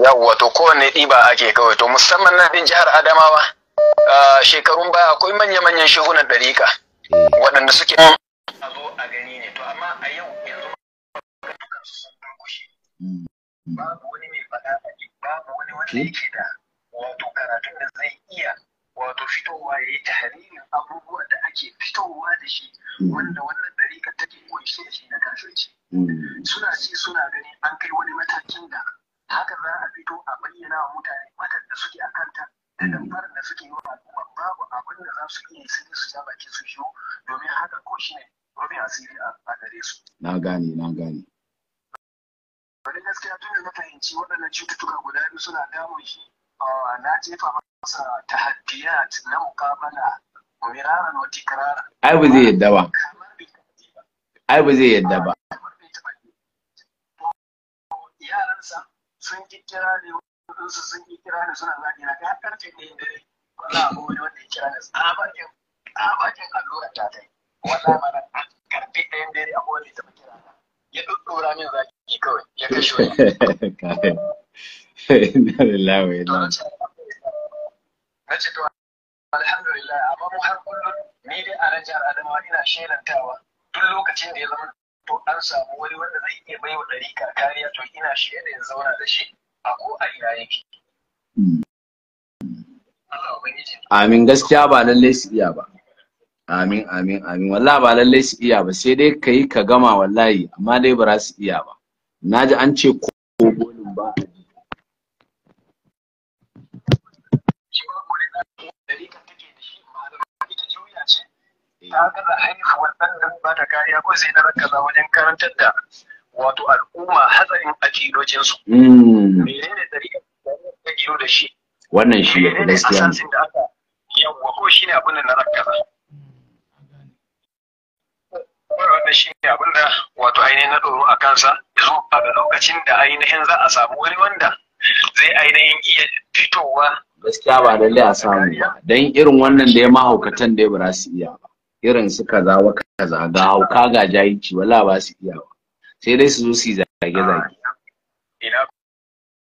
yawwa to kowanne ɗiba ake kawai to musamman na din jihar adamawa shekarun baya akwai manya-manyan shehunan ɗarika eh. waɗanda suke eh. a zo a gani ne to amma a yau yanzu sun mm. Mm. babu wani mai faɗa babu wani wanda eh. yake da wato karatun da zai iya wato fitowa ya yi tahririn abubuwan da ake fitowa da shi mm. wanda wannan ɗarika take kunshe shi na kafirci suna ce suna gani an kai wani matakin da haka za a fito a bayyana wa mutane matar da suke a kanta da hmm. damfarar da suke yi wa al'umma babu abin da za su iya yi sai su ja baki su shiru domin haka ko shi ne domin asiri a gare su. Na gane, na gane. Wani gaskiya tun da na fahimci waɗannan cututtuka guda biyu suna damun shi na jefa masa tahaddiyat na mukabala miraran wa tikraran. Ai ba zai yadda ba. Ai ba zai yadda ba. Yaransa sun kira ne wadansu sun kira ne suna zagi na ga karfe ne dare wala abu wani wanda ya kira ne tsabakin tsabakin allurar ta kai wala mana karfe ɗayan dare abu wanda ya taɓa kira na ya ɗuɗɗura min zagi kawai ya kashe wani. Inna lillahi wa inna Na ce to alhamdulillah amma mu har kullum ni dai a nan jihar Adamawa ina shelantawa duk lokacin da ya zama ɗarika kariya to ina shi yadda in zauna da shi a ko a ina yake. Amin gaskiya ba lallai su iya ba. Amin amin amin wallahi ba lallai su iya ba sai dai ka yi ka gama wallahi amma dai ba za su iya ba. Na ji an ce ko gonin ba a ji. Ta gaza haihuwar ɗan nan ba ta kariya ko sai na rakaza wajen karantar da wato al'umma hatsarin su. Hmm. Menene tsarika da gino da shi? Wannan shi ya fi gaskiya. Menene da aka yawwa ko shi ne abin da na ba. Wannan shi ne abin da wato ainihin na ɗoro a kansa zuwa ga lokacin da ainihin za a samu wani wanda zai ainihin iya fitowa. Gaskiya ba lalle a samu ba, don irin wannan da ya mahaukatan da ya ba su iya ba. Irin su kaza wa kaza ga hauka ga jayici wala ba su iya ba. sai dai su zo su yi zage-zage ina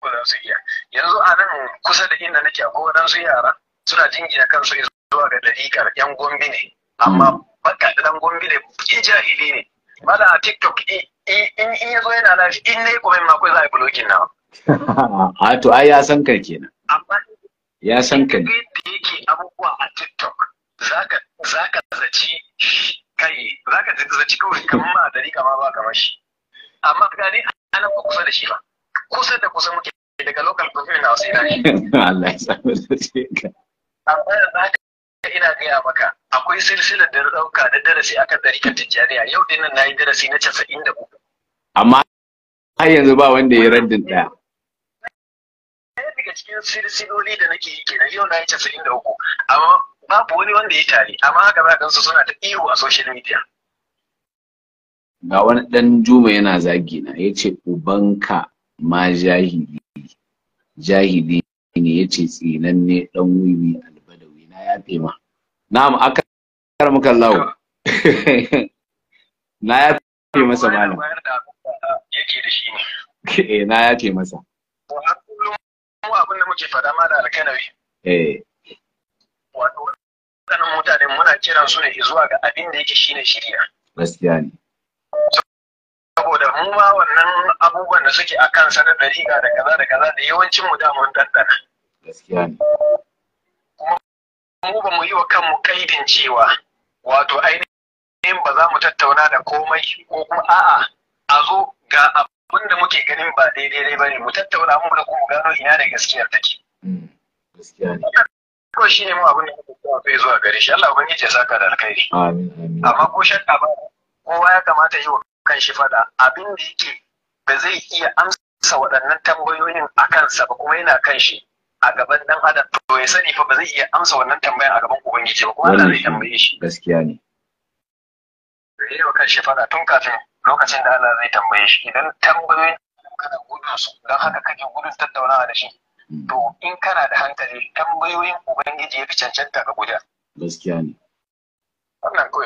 ko su iya yanzu a nan kusa da inda nake akwai waɗansu yara suna jingina kansu zuwa ga ɗariƙar yan gombe ne amma hmm. baka da dan gombe ne ki jahili ne mala a tiktok in in zo yana shi in dai komai ma ma za a yi blogin nawa a to ai ya san kai kenan ya san kai ne da yake abubuwa a tiktok zaka zaka zaci kai zaka zaci kawai kamar ma ɗariƙa ma ba kamar shi amma gani ana ku kusa da shi ba kusa da kusa muke daga local government na wasu ina Allah ya samu da ka amma yanzu ina gaya maka akwai silsilar da ɗauka da darasi akan ɗarikar tijjaniya yau din nan nayi darasi na casa'in da uku amma har yanzu ba wanda ya raddin ɗaya ɗaya daga cikin silsiloli da nake yi kenan yau nayi casa'in da uku amma babu wani wanda ya tare amma haka ba gansu suna ta iyo a social media ga wani ɗan juma yana zagi na ce ubanka ma jahili jahili ne tsinan ne ɗan wiwi albadawi na fi ma mu aka muka lawo na yafe masa malam eh na yafe masa abin da muke fada ma da alkanawi eh wato waɗannan mutane muna kiran su ne zuwa ga abin da yake shine shirya gaskiya ne saboda mu ma wannan abubuwan da suke a kan sanar da riga da kaza da kaza da yawancin mu da mun dandana gaskiya ne mu ba mu yi wa kanmu kaidin cewa wato ainihin ba za mu tattauna da komai ko kuma a'a a zo ga abin da muke ganin ba daidai ba ne mu tattauna mu da kuma gano ina da gaskiyar take mm, gaskiya ne ko shi ne mu abin da muke zuwa gare shi Allah ubangiji ya saka da alkhairi amin amma ko shakka ba kowa ya kamata yi wa kan shi fada abin da yake ba zai iya amsa waɗannan tambayoyin a kansa ba kuma yana kan shi a gaban dan adam to ya sani fa ba zai iya amsa wannan tambayan a gaban ubangiji ba kuma Allah zai tambaye shi gaskiya ne yi wa kan shi fada tun kafin lokacin da Allah zai tambaye shi idan tambayoyin kana gudun su don haka kake gudun tattaunawa da shi hmm. to in kana da hankali tambayoyin ubangiji ya fi cancanta ka guda gaskiya ne wannan kawai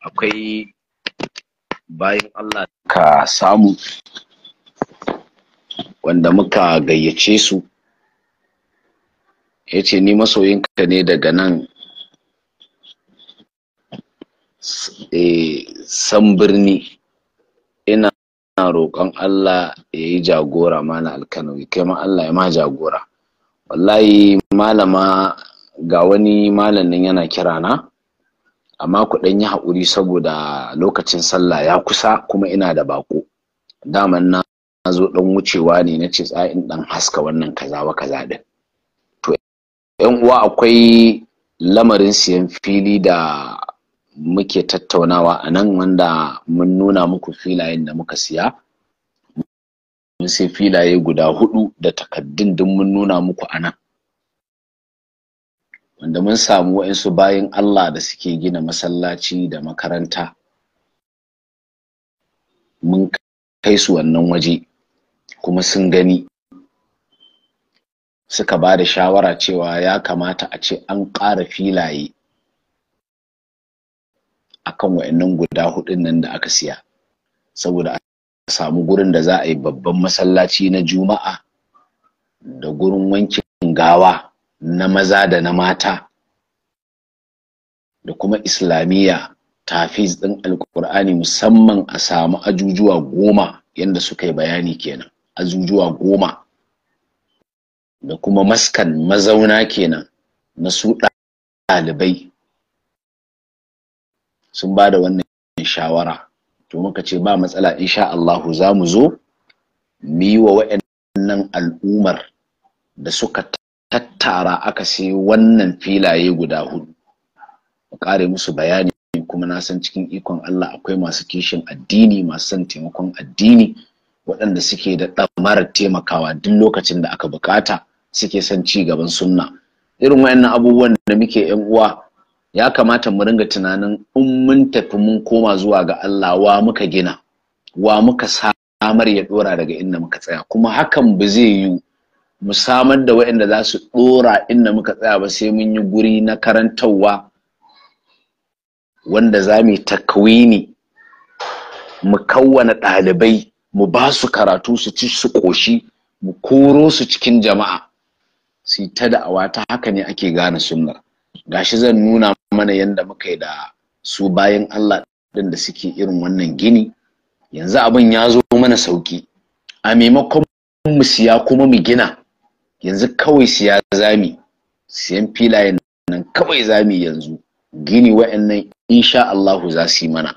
akwai bayan Allah ka samu wanda muka gayyace su ya ce ni masoyinka ne daga nan eh, san birni ina roƙon Allah ya yi jagora mana alkanawi kai ma Allah ya ma jagora wallahi malama ga wani malamin yana kirana amma ku ɗan yi hakuri saboda lokacin sallah ya kusa kuma ina da baƙo daman na zo ɗan wucewa ne na ce tsayin ɗan haska wannan kaza wa kaza ɗin to yan uwa akwai lamarin siyan fili da muke tattaunawa a nan wanda mun nuna muku filayen da muka siya mun sai filaye guda hudu da takaddun duk mun nuna muku a nan wanda mun samu wa'insu bayan Allah da suke gina masallaci da makaranta mun kai su wannan waje kuma sun gani suka ba da shawara cewa ya kamata a ce an ƙara filaye akan wa'annan guda hudun nan da aka siya saboda a samu gurin da za a yi babban masallaci na juma'a da gurin wankin gawa na maza da na mata da kuma islamiyya tafiz ɗin alkur'ani musamman a samu ajujuwa goma yadda suka yi bayani kenan ajujuwa goma da kuma maskan mazauna kenan na su ɗalibai sun ba da wannan shawara to muka ce ba matsala insha Allahu za mu zo mu wa waɗannan al'umar da suka tattara aka sai wannan filaye guda hudu kare musu bayani kuma na san cikin ikon Allah akwai masu kishin addini masu son taimakon addini waɗanda suke da ɗamarar taimakawa duk lokacin da aka bukata suke son ci gaban sunna irin wayannan abubuwan da muke yan uwa ya kamata mu ringa tunanin in mun tafi mun koma zuwa ga Allah wa muka gina wa muka samar ya dora daga inda muka tsaya kuma hakan ba zai yiwu mu samar da waɗanda za su ɗora inda muka tsaya ba sai mun yi guri na karantarwa wanda za mu yi takwini mu kawwana ɗalibai mu ba su karatu su ci su ƙoshi mu koro su cikin jama'a su ta da'awa ta haka ne ake gane sunnar gashi zan nuna mana yadda muka yi da su bayan Allah ɗin da suke irin wannan gini yanzu abin ya zo mana sauki a maimakon mu siya kuma mu gina yanzu kawai siya zami siyan filayen nan kawai zami yanzu gini wa'annan insha Allahu za su yi mana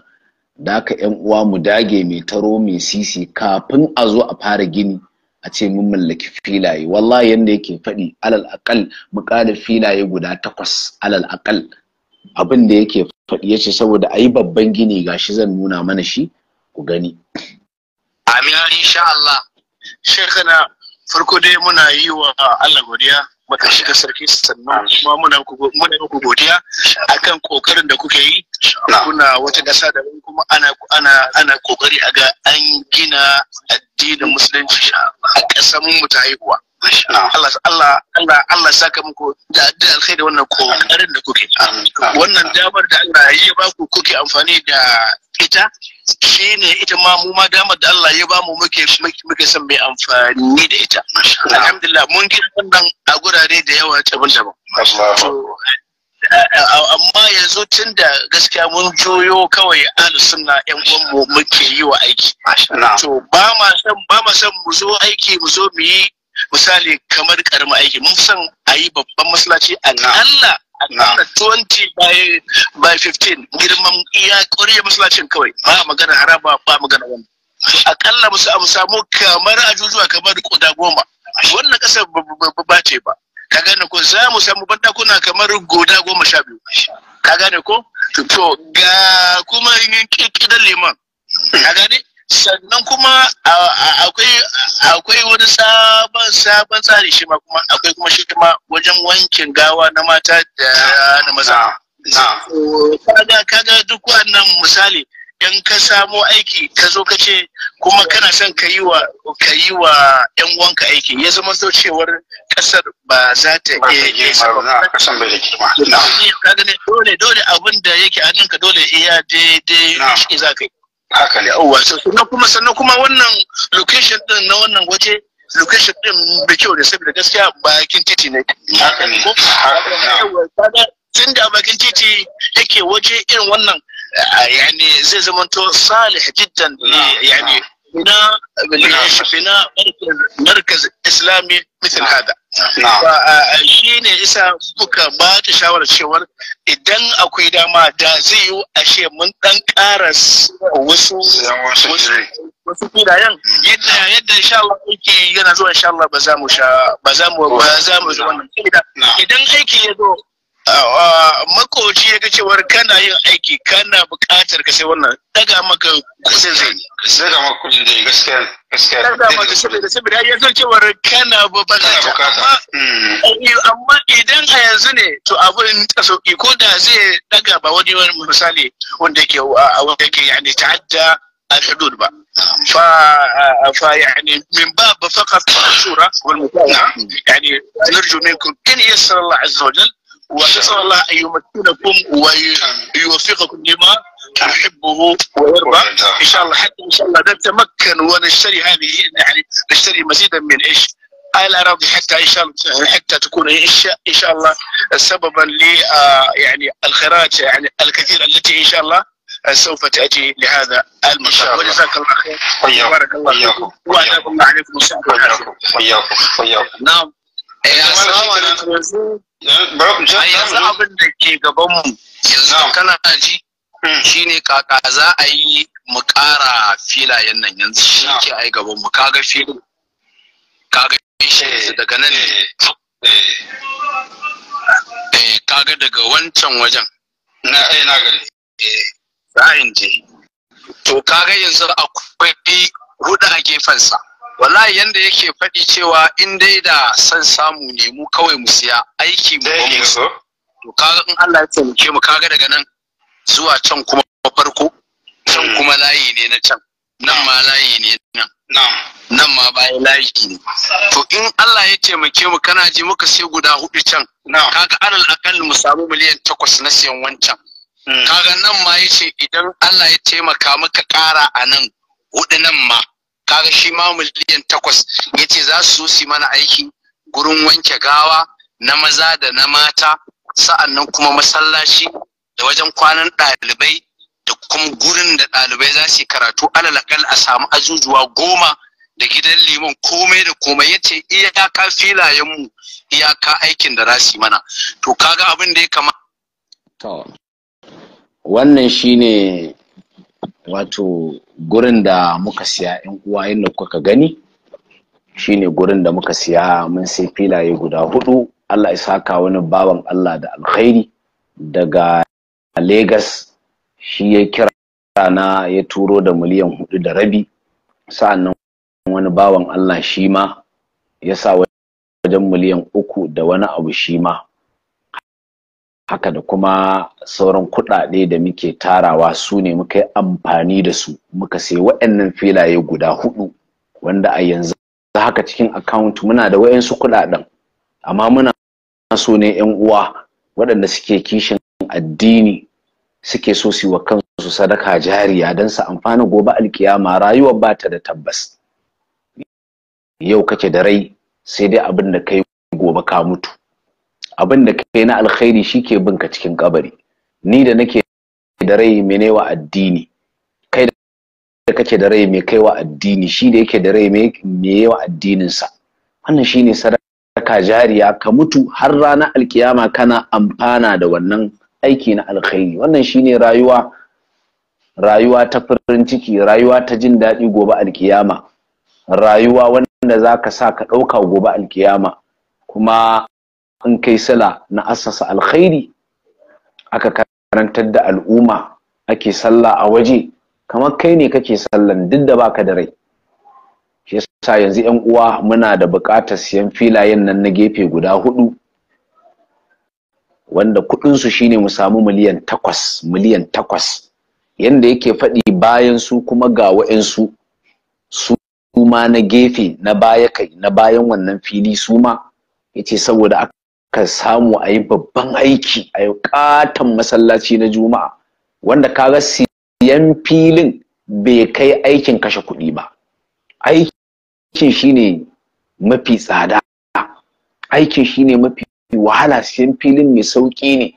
da aka yan uwa mu dage mai taro mai sisi kafin a zo a fara gini a ce mun mallaki filaye wallahi yanda yake faɗi alal akal mu ƙara filaye guda takwas alal akal abin da yake faɗi yace saboda ayi babban gini gashi zan nuna mana shi ku gani amin insha Allah shekana farko dai muna yi wa Allah godiya maka shiga sarki sannan kuma muna muku godiya akan kokarin da kuke yi kuna wata gasa da kuma ana ana ana kokari a ga an gina addinin musulunci a ƙasar mu ta haihuwa Allah Allah Allah Allah saka muku da da alkhairi wannan kokarin da kuke wannan damar da Allah ya ba ku kuke amfani da ita shi ne ita ma mu ma damar da Allah ya bamu muke muke son mai amfani da ita alhamdulillah mun gina wannan a gurare da yawa daban-daban amma yanzu tun da gaskiya mun juyo kawai al sunna yan mu muke yi wa aiki to ba ma son ba ma san mu zo aiki mu zo mu yi misali kamar karamin aiki mun san ayi babban masallaci a Allah akalla 20 by by 15 girman iya ƙwarya masallacin kawai ba magana haraba ba magana wani akalla musu a samu kamar ajujuwa kamar kuda goma wannan ƙasar ba ce ba ka gane ko za mu samu bandakuna kamar goda goma sha biyu ka gane ko to ga kuma yin kidan liman ka gane sannan kuma akwai wani sabon sabon tsari shi ma kuma akwai kuma shi kuma wajen wankin gawa na mata da na maza kaga kaga duk wannan misali in ka samo aiki ka zo ka ce kuma kana son ka yi wa ka yi wa yan wanka aiki ya zama so cewar kasar ba za ta iya yi ba kasan bai da girma dole dole abin da yake a ninka dole iya eh, daidai shi za ka yi haka ne yawwa sannan kuma sannan kuma wannan location din na wannan waje location din bai kyau ne saboda gaskiya bakin titi ne haka ne tun da bakin titi yake waje irin wannan eh, yani zai zama to salih jiddan eh, yani بناء بناء مركز اسلامي مثل هذا shine isa muka ba ta shawarar cewar idan akwai dama da zai yi ashe mun dan ƙara wasu wasu filayen hmm. yadda yadda insha Allah aiki yana zuwa insha Allah ba za mu sha ba za mu ba za mu idan aiki ya zo makoci ya ga cewar kana yin aiki kana buƙatar ka sai wannan daga maka kusa zai daga maka kusa zai gaskiya gaskiya daga maka saboda saboda ya san cewar kana buƙata hmm. eh, amma idan a yanzu ne to abin ta sauki ko da zai daga ba wani wani misali wanda yake wanda yake yani ta'adda ba fa ف... فيعني من باب فقط الصوره والمتابعه يعني نرجو منكم ان يسر الله عز وجل ونسال الله ان يمكنكم ويوفقكم لما احبه ويرضى ان شاء الله حتى ان شاء الله نتمكن ونشتري هذه يعني نشتري مزيدا من ايش الاراضي حتى ان شاء الله حتى تكون ايش ان شاء الله سببا ل آه، يعني الخراج يعني الكثير التي ان شاء الله سوف تاتي لهذا المشروع وجزاك الله خير بارك الله فيكم وجزاكم الله عليكم وياكم وياكم نعم Eh, eh, ah, yanzu abin ke gabanmu yanzu kana ji hmm. shine kaka za a yi mu ƙara filayen nan yanzu shi ke ai gaban mu kaga filin kaga shi eh, daga nan ne kaga daga wancan wajen na ai na gani za a je to kaga yanzu akwai hudu a gefensa wallahi yanda yake faɗi cewa in dai da san samu ne mu kawai mu siya aiki mu ne so to kaga in Allah ya taimake mu kaga daga nan zuwa can kuma farko can hmm. kuma layi ne na can nan ma layi ne nan nan ma bayan layi ne to in Allah ya taimake mu kana ji muka sai guda hudu can kaga alal akal mu samu miliyan takwas na siyan wancan hmm. kaga nan ma yace idan Allah ya taimaka maka ƙara a nan hudu nan ma kaga shi ma miliyan takwas ya ce za su so mana aiki gurin wanke gawa na maza da na mata sa'annan kuma masallaci da wajen kwanan ɗalibai da kuma gurin da ɗalibai za su yi karatu alalakal a samu ajujuwa goma da gidan liman komai da komai ya ce iyaka filayenmu iyaka aikin da za su yi mana to kaga abin da ya kama wannan shine wato gurin da muka siya yan uwa yadda kuka gani shine gurin da muka siya mun sai filaye guda hudu Allah ya saka wani baban Allah da alkhairi daga Legas shi ya kira na ya turo da miliyan hudu da rabi sa'annan wani bawan Allah shi ma ya sa wajen miliyan uku da wani abu shi ma haka da kuma sauran kuɗaɗe da muke tarawa su ne muka yi amfani da su muka sai wa'yannan filaye guda hudu wanda a yanzu haka cikin account muna da wa'yansu kuɗaɗen amma muna so ne yan uwa waɗanda suke kishin addini suke so su wa kansu sadaka jariya don su amfana gobe alkiyama rayuwar ba ta da tabbas yau kake da rai sai dai abin da kai gobe ka mutu abin da kai na alkhairi shike bin ka cikin kabari ni da nake da rai mene wa addini kai da kake da rai mai kai addini shi da yake da rai mai wa addininsa wannan shine sadaka jariya ka mutu har ranar alkiyama kana amfana da wannan aiki na alkhairi wannan shine rayuwa rayuwa ta farin ciki rayuwa ta jin daɗi gobe alkiyama rayuwa wanda za ka sa ka ɗauka gobe alkiyama kuma in kai sala na assasa alkhairi aka karantar da al'umma ake sallah a waje kamar kai ne kake sallan duk da baka da rai shi yasa yanzu yan uwa muna da buƙatar siyan filayen nan na gefe guda hudu wanda kudin su shine mu samu miliyan takwas miliyan takwas yanda yake faɗi bayan su kuma ga wa'insu su ma na gefe na baya kai na bayan wannan fili su ma yace saboda aka ka samu a yi babban aiki a yi katon masallaci na juma'a wanda kaga siyan filin bai kai aikin kashe kuɗi ba aikin shine mafi tsada aikin shine mafi wahala siyan filin mai sauƙi ne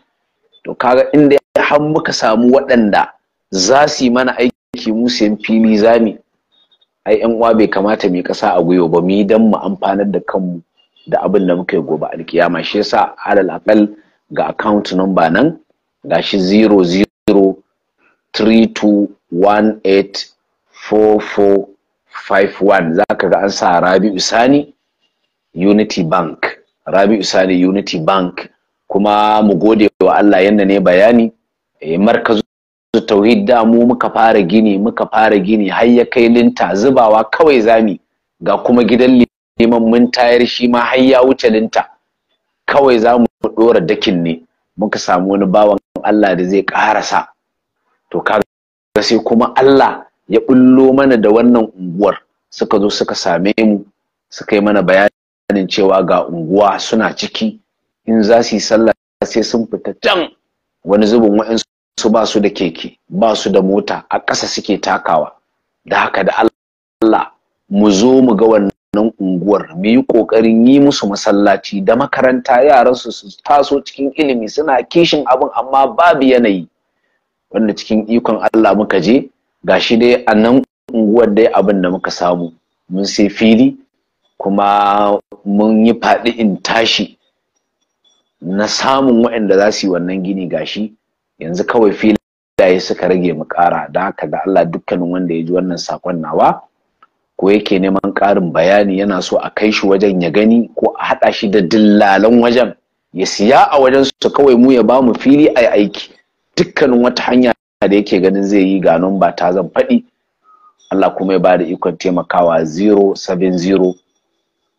to kaga inda har muka samu waɗanda za su yi mana aiki mu siyan fili zami ai yan uwa bai kamata mi ƙasa a gwiwa ba mu yi don mu amfanar da kanmu da abin da muka yi gobe alkiyama shi yasa alal akal ga account number nan ga gashi 0032184451 zaka ga an sa Rabi'u Sani Unity Bank Rabi'u Sani Unity Bank kuma mu gode wa Allah yanda ne bayani e, markazu tauhid da mu muka fara gini muka fara gini har ya kai linta zubawa kawai zami ga kuma gidan neman mun tayar shi ma har ya wuce linta kawai za mu ɗora dakin ne muka samu wani bawan Allah da zai ƙarasa to kaga sai kuma Allah ya bullo mana da wannan unguwar suka zo suka same mu suka yi mana bayanin cewa ga unguwa suna ciki in za su yi sallah sai sun fita can wani zubin wa'insu ba su da keke ba su da mota a ƙasa suke takawa da haka da Allah mu zo mu ga wannan nan unguwar mu yi kokarin yi musu masallaci da makaranta yaran su su taso cikin ilimi suna kishin abin amma babu yanayi wanda cikin ikon Allah muka je gashi dai a nan unguwar dai abin da muka samu mun sai fili kuma mun yi faɗi in tashi na samun waɗanda za su yi wannan gini gashi yanzu kawai filaye suka rage mu ƙara da haka da Allah dukkanin wanda ya ji wannan sakon nawa ko yake neman ƙarin bayani yana so a kai shi wajen ya gani ko a haɗa shi da dillalan wajen ya siya a wajen su kawai mu ya ba mu fili a aiki dukkanin wata hanya da yake ganin zai yi ga ba ta zan faɗi Allah kuma ya bada ikon taimakawa 070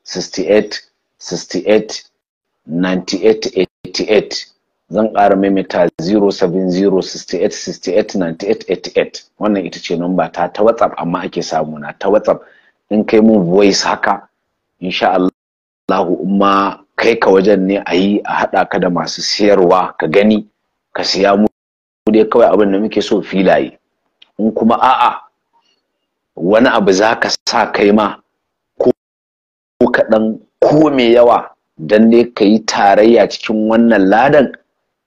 68 68 98 88 zan ƙara maimaita 07068689888 wannan ita ce nomba ta ta whatsapp amma ake samu na ta whatsapp in kai mun voice haka insha Allah umma kai ka wajen ne a yi a haɗa ka da masu siyarwa ka gani ka siya mu dai kawai abin da muke so filaye in kuma a'a wani abu za ka sa kai ma ko kaɗan ko mai yawa don ne ka yi tarayya cikin wannan ladan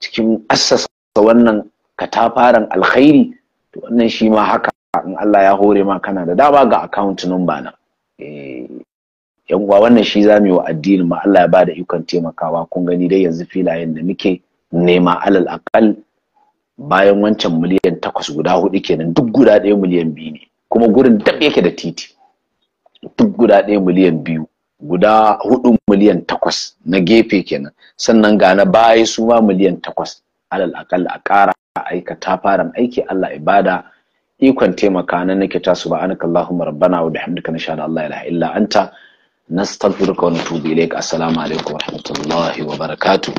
cikin assasa wannan katafaren alkhairi to wannan shi ma haka in Allah ya hore ma kana da dama ga account number na eh, yan uwa wannan shi za mu wa addinin ma Allah ya ba da ikon taimakawa kun gani dai yanzu filayen da muke nema alal aqal bayan wancan miliyan takwas guda hudu kenan duk guda ɗaya miliyan biyu ne kuma gurin dab yake da titi duk guda ɗaya miliyan biyu guda hudu miliyan takwas na gefe kenan sannan ga na baya su ma miliyan takwas alal akalla a ƙara aikata faran aiki Allah ibada ikon taimaka na nake ta subhanaka allahumma rabbana wa bihamdika nashhadu an la ilaha illa anta nastaghfiruka wa natubu ilayk assalamu alaikum wa rahmatullahi wa barakatuh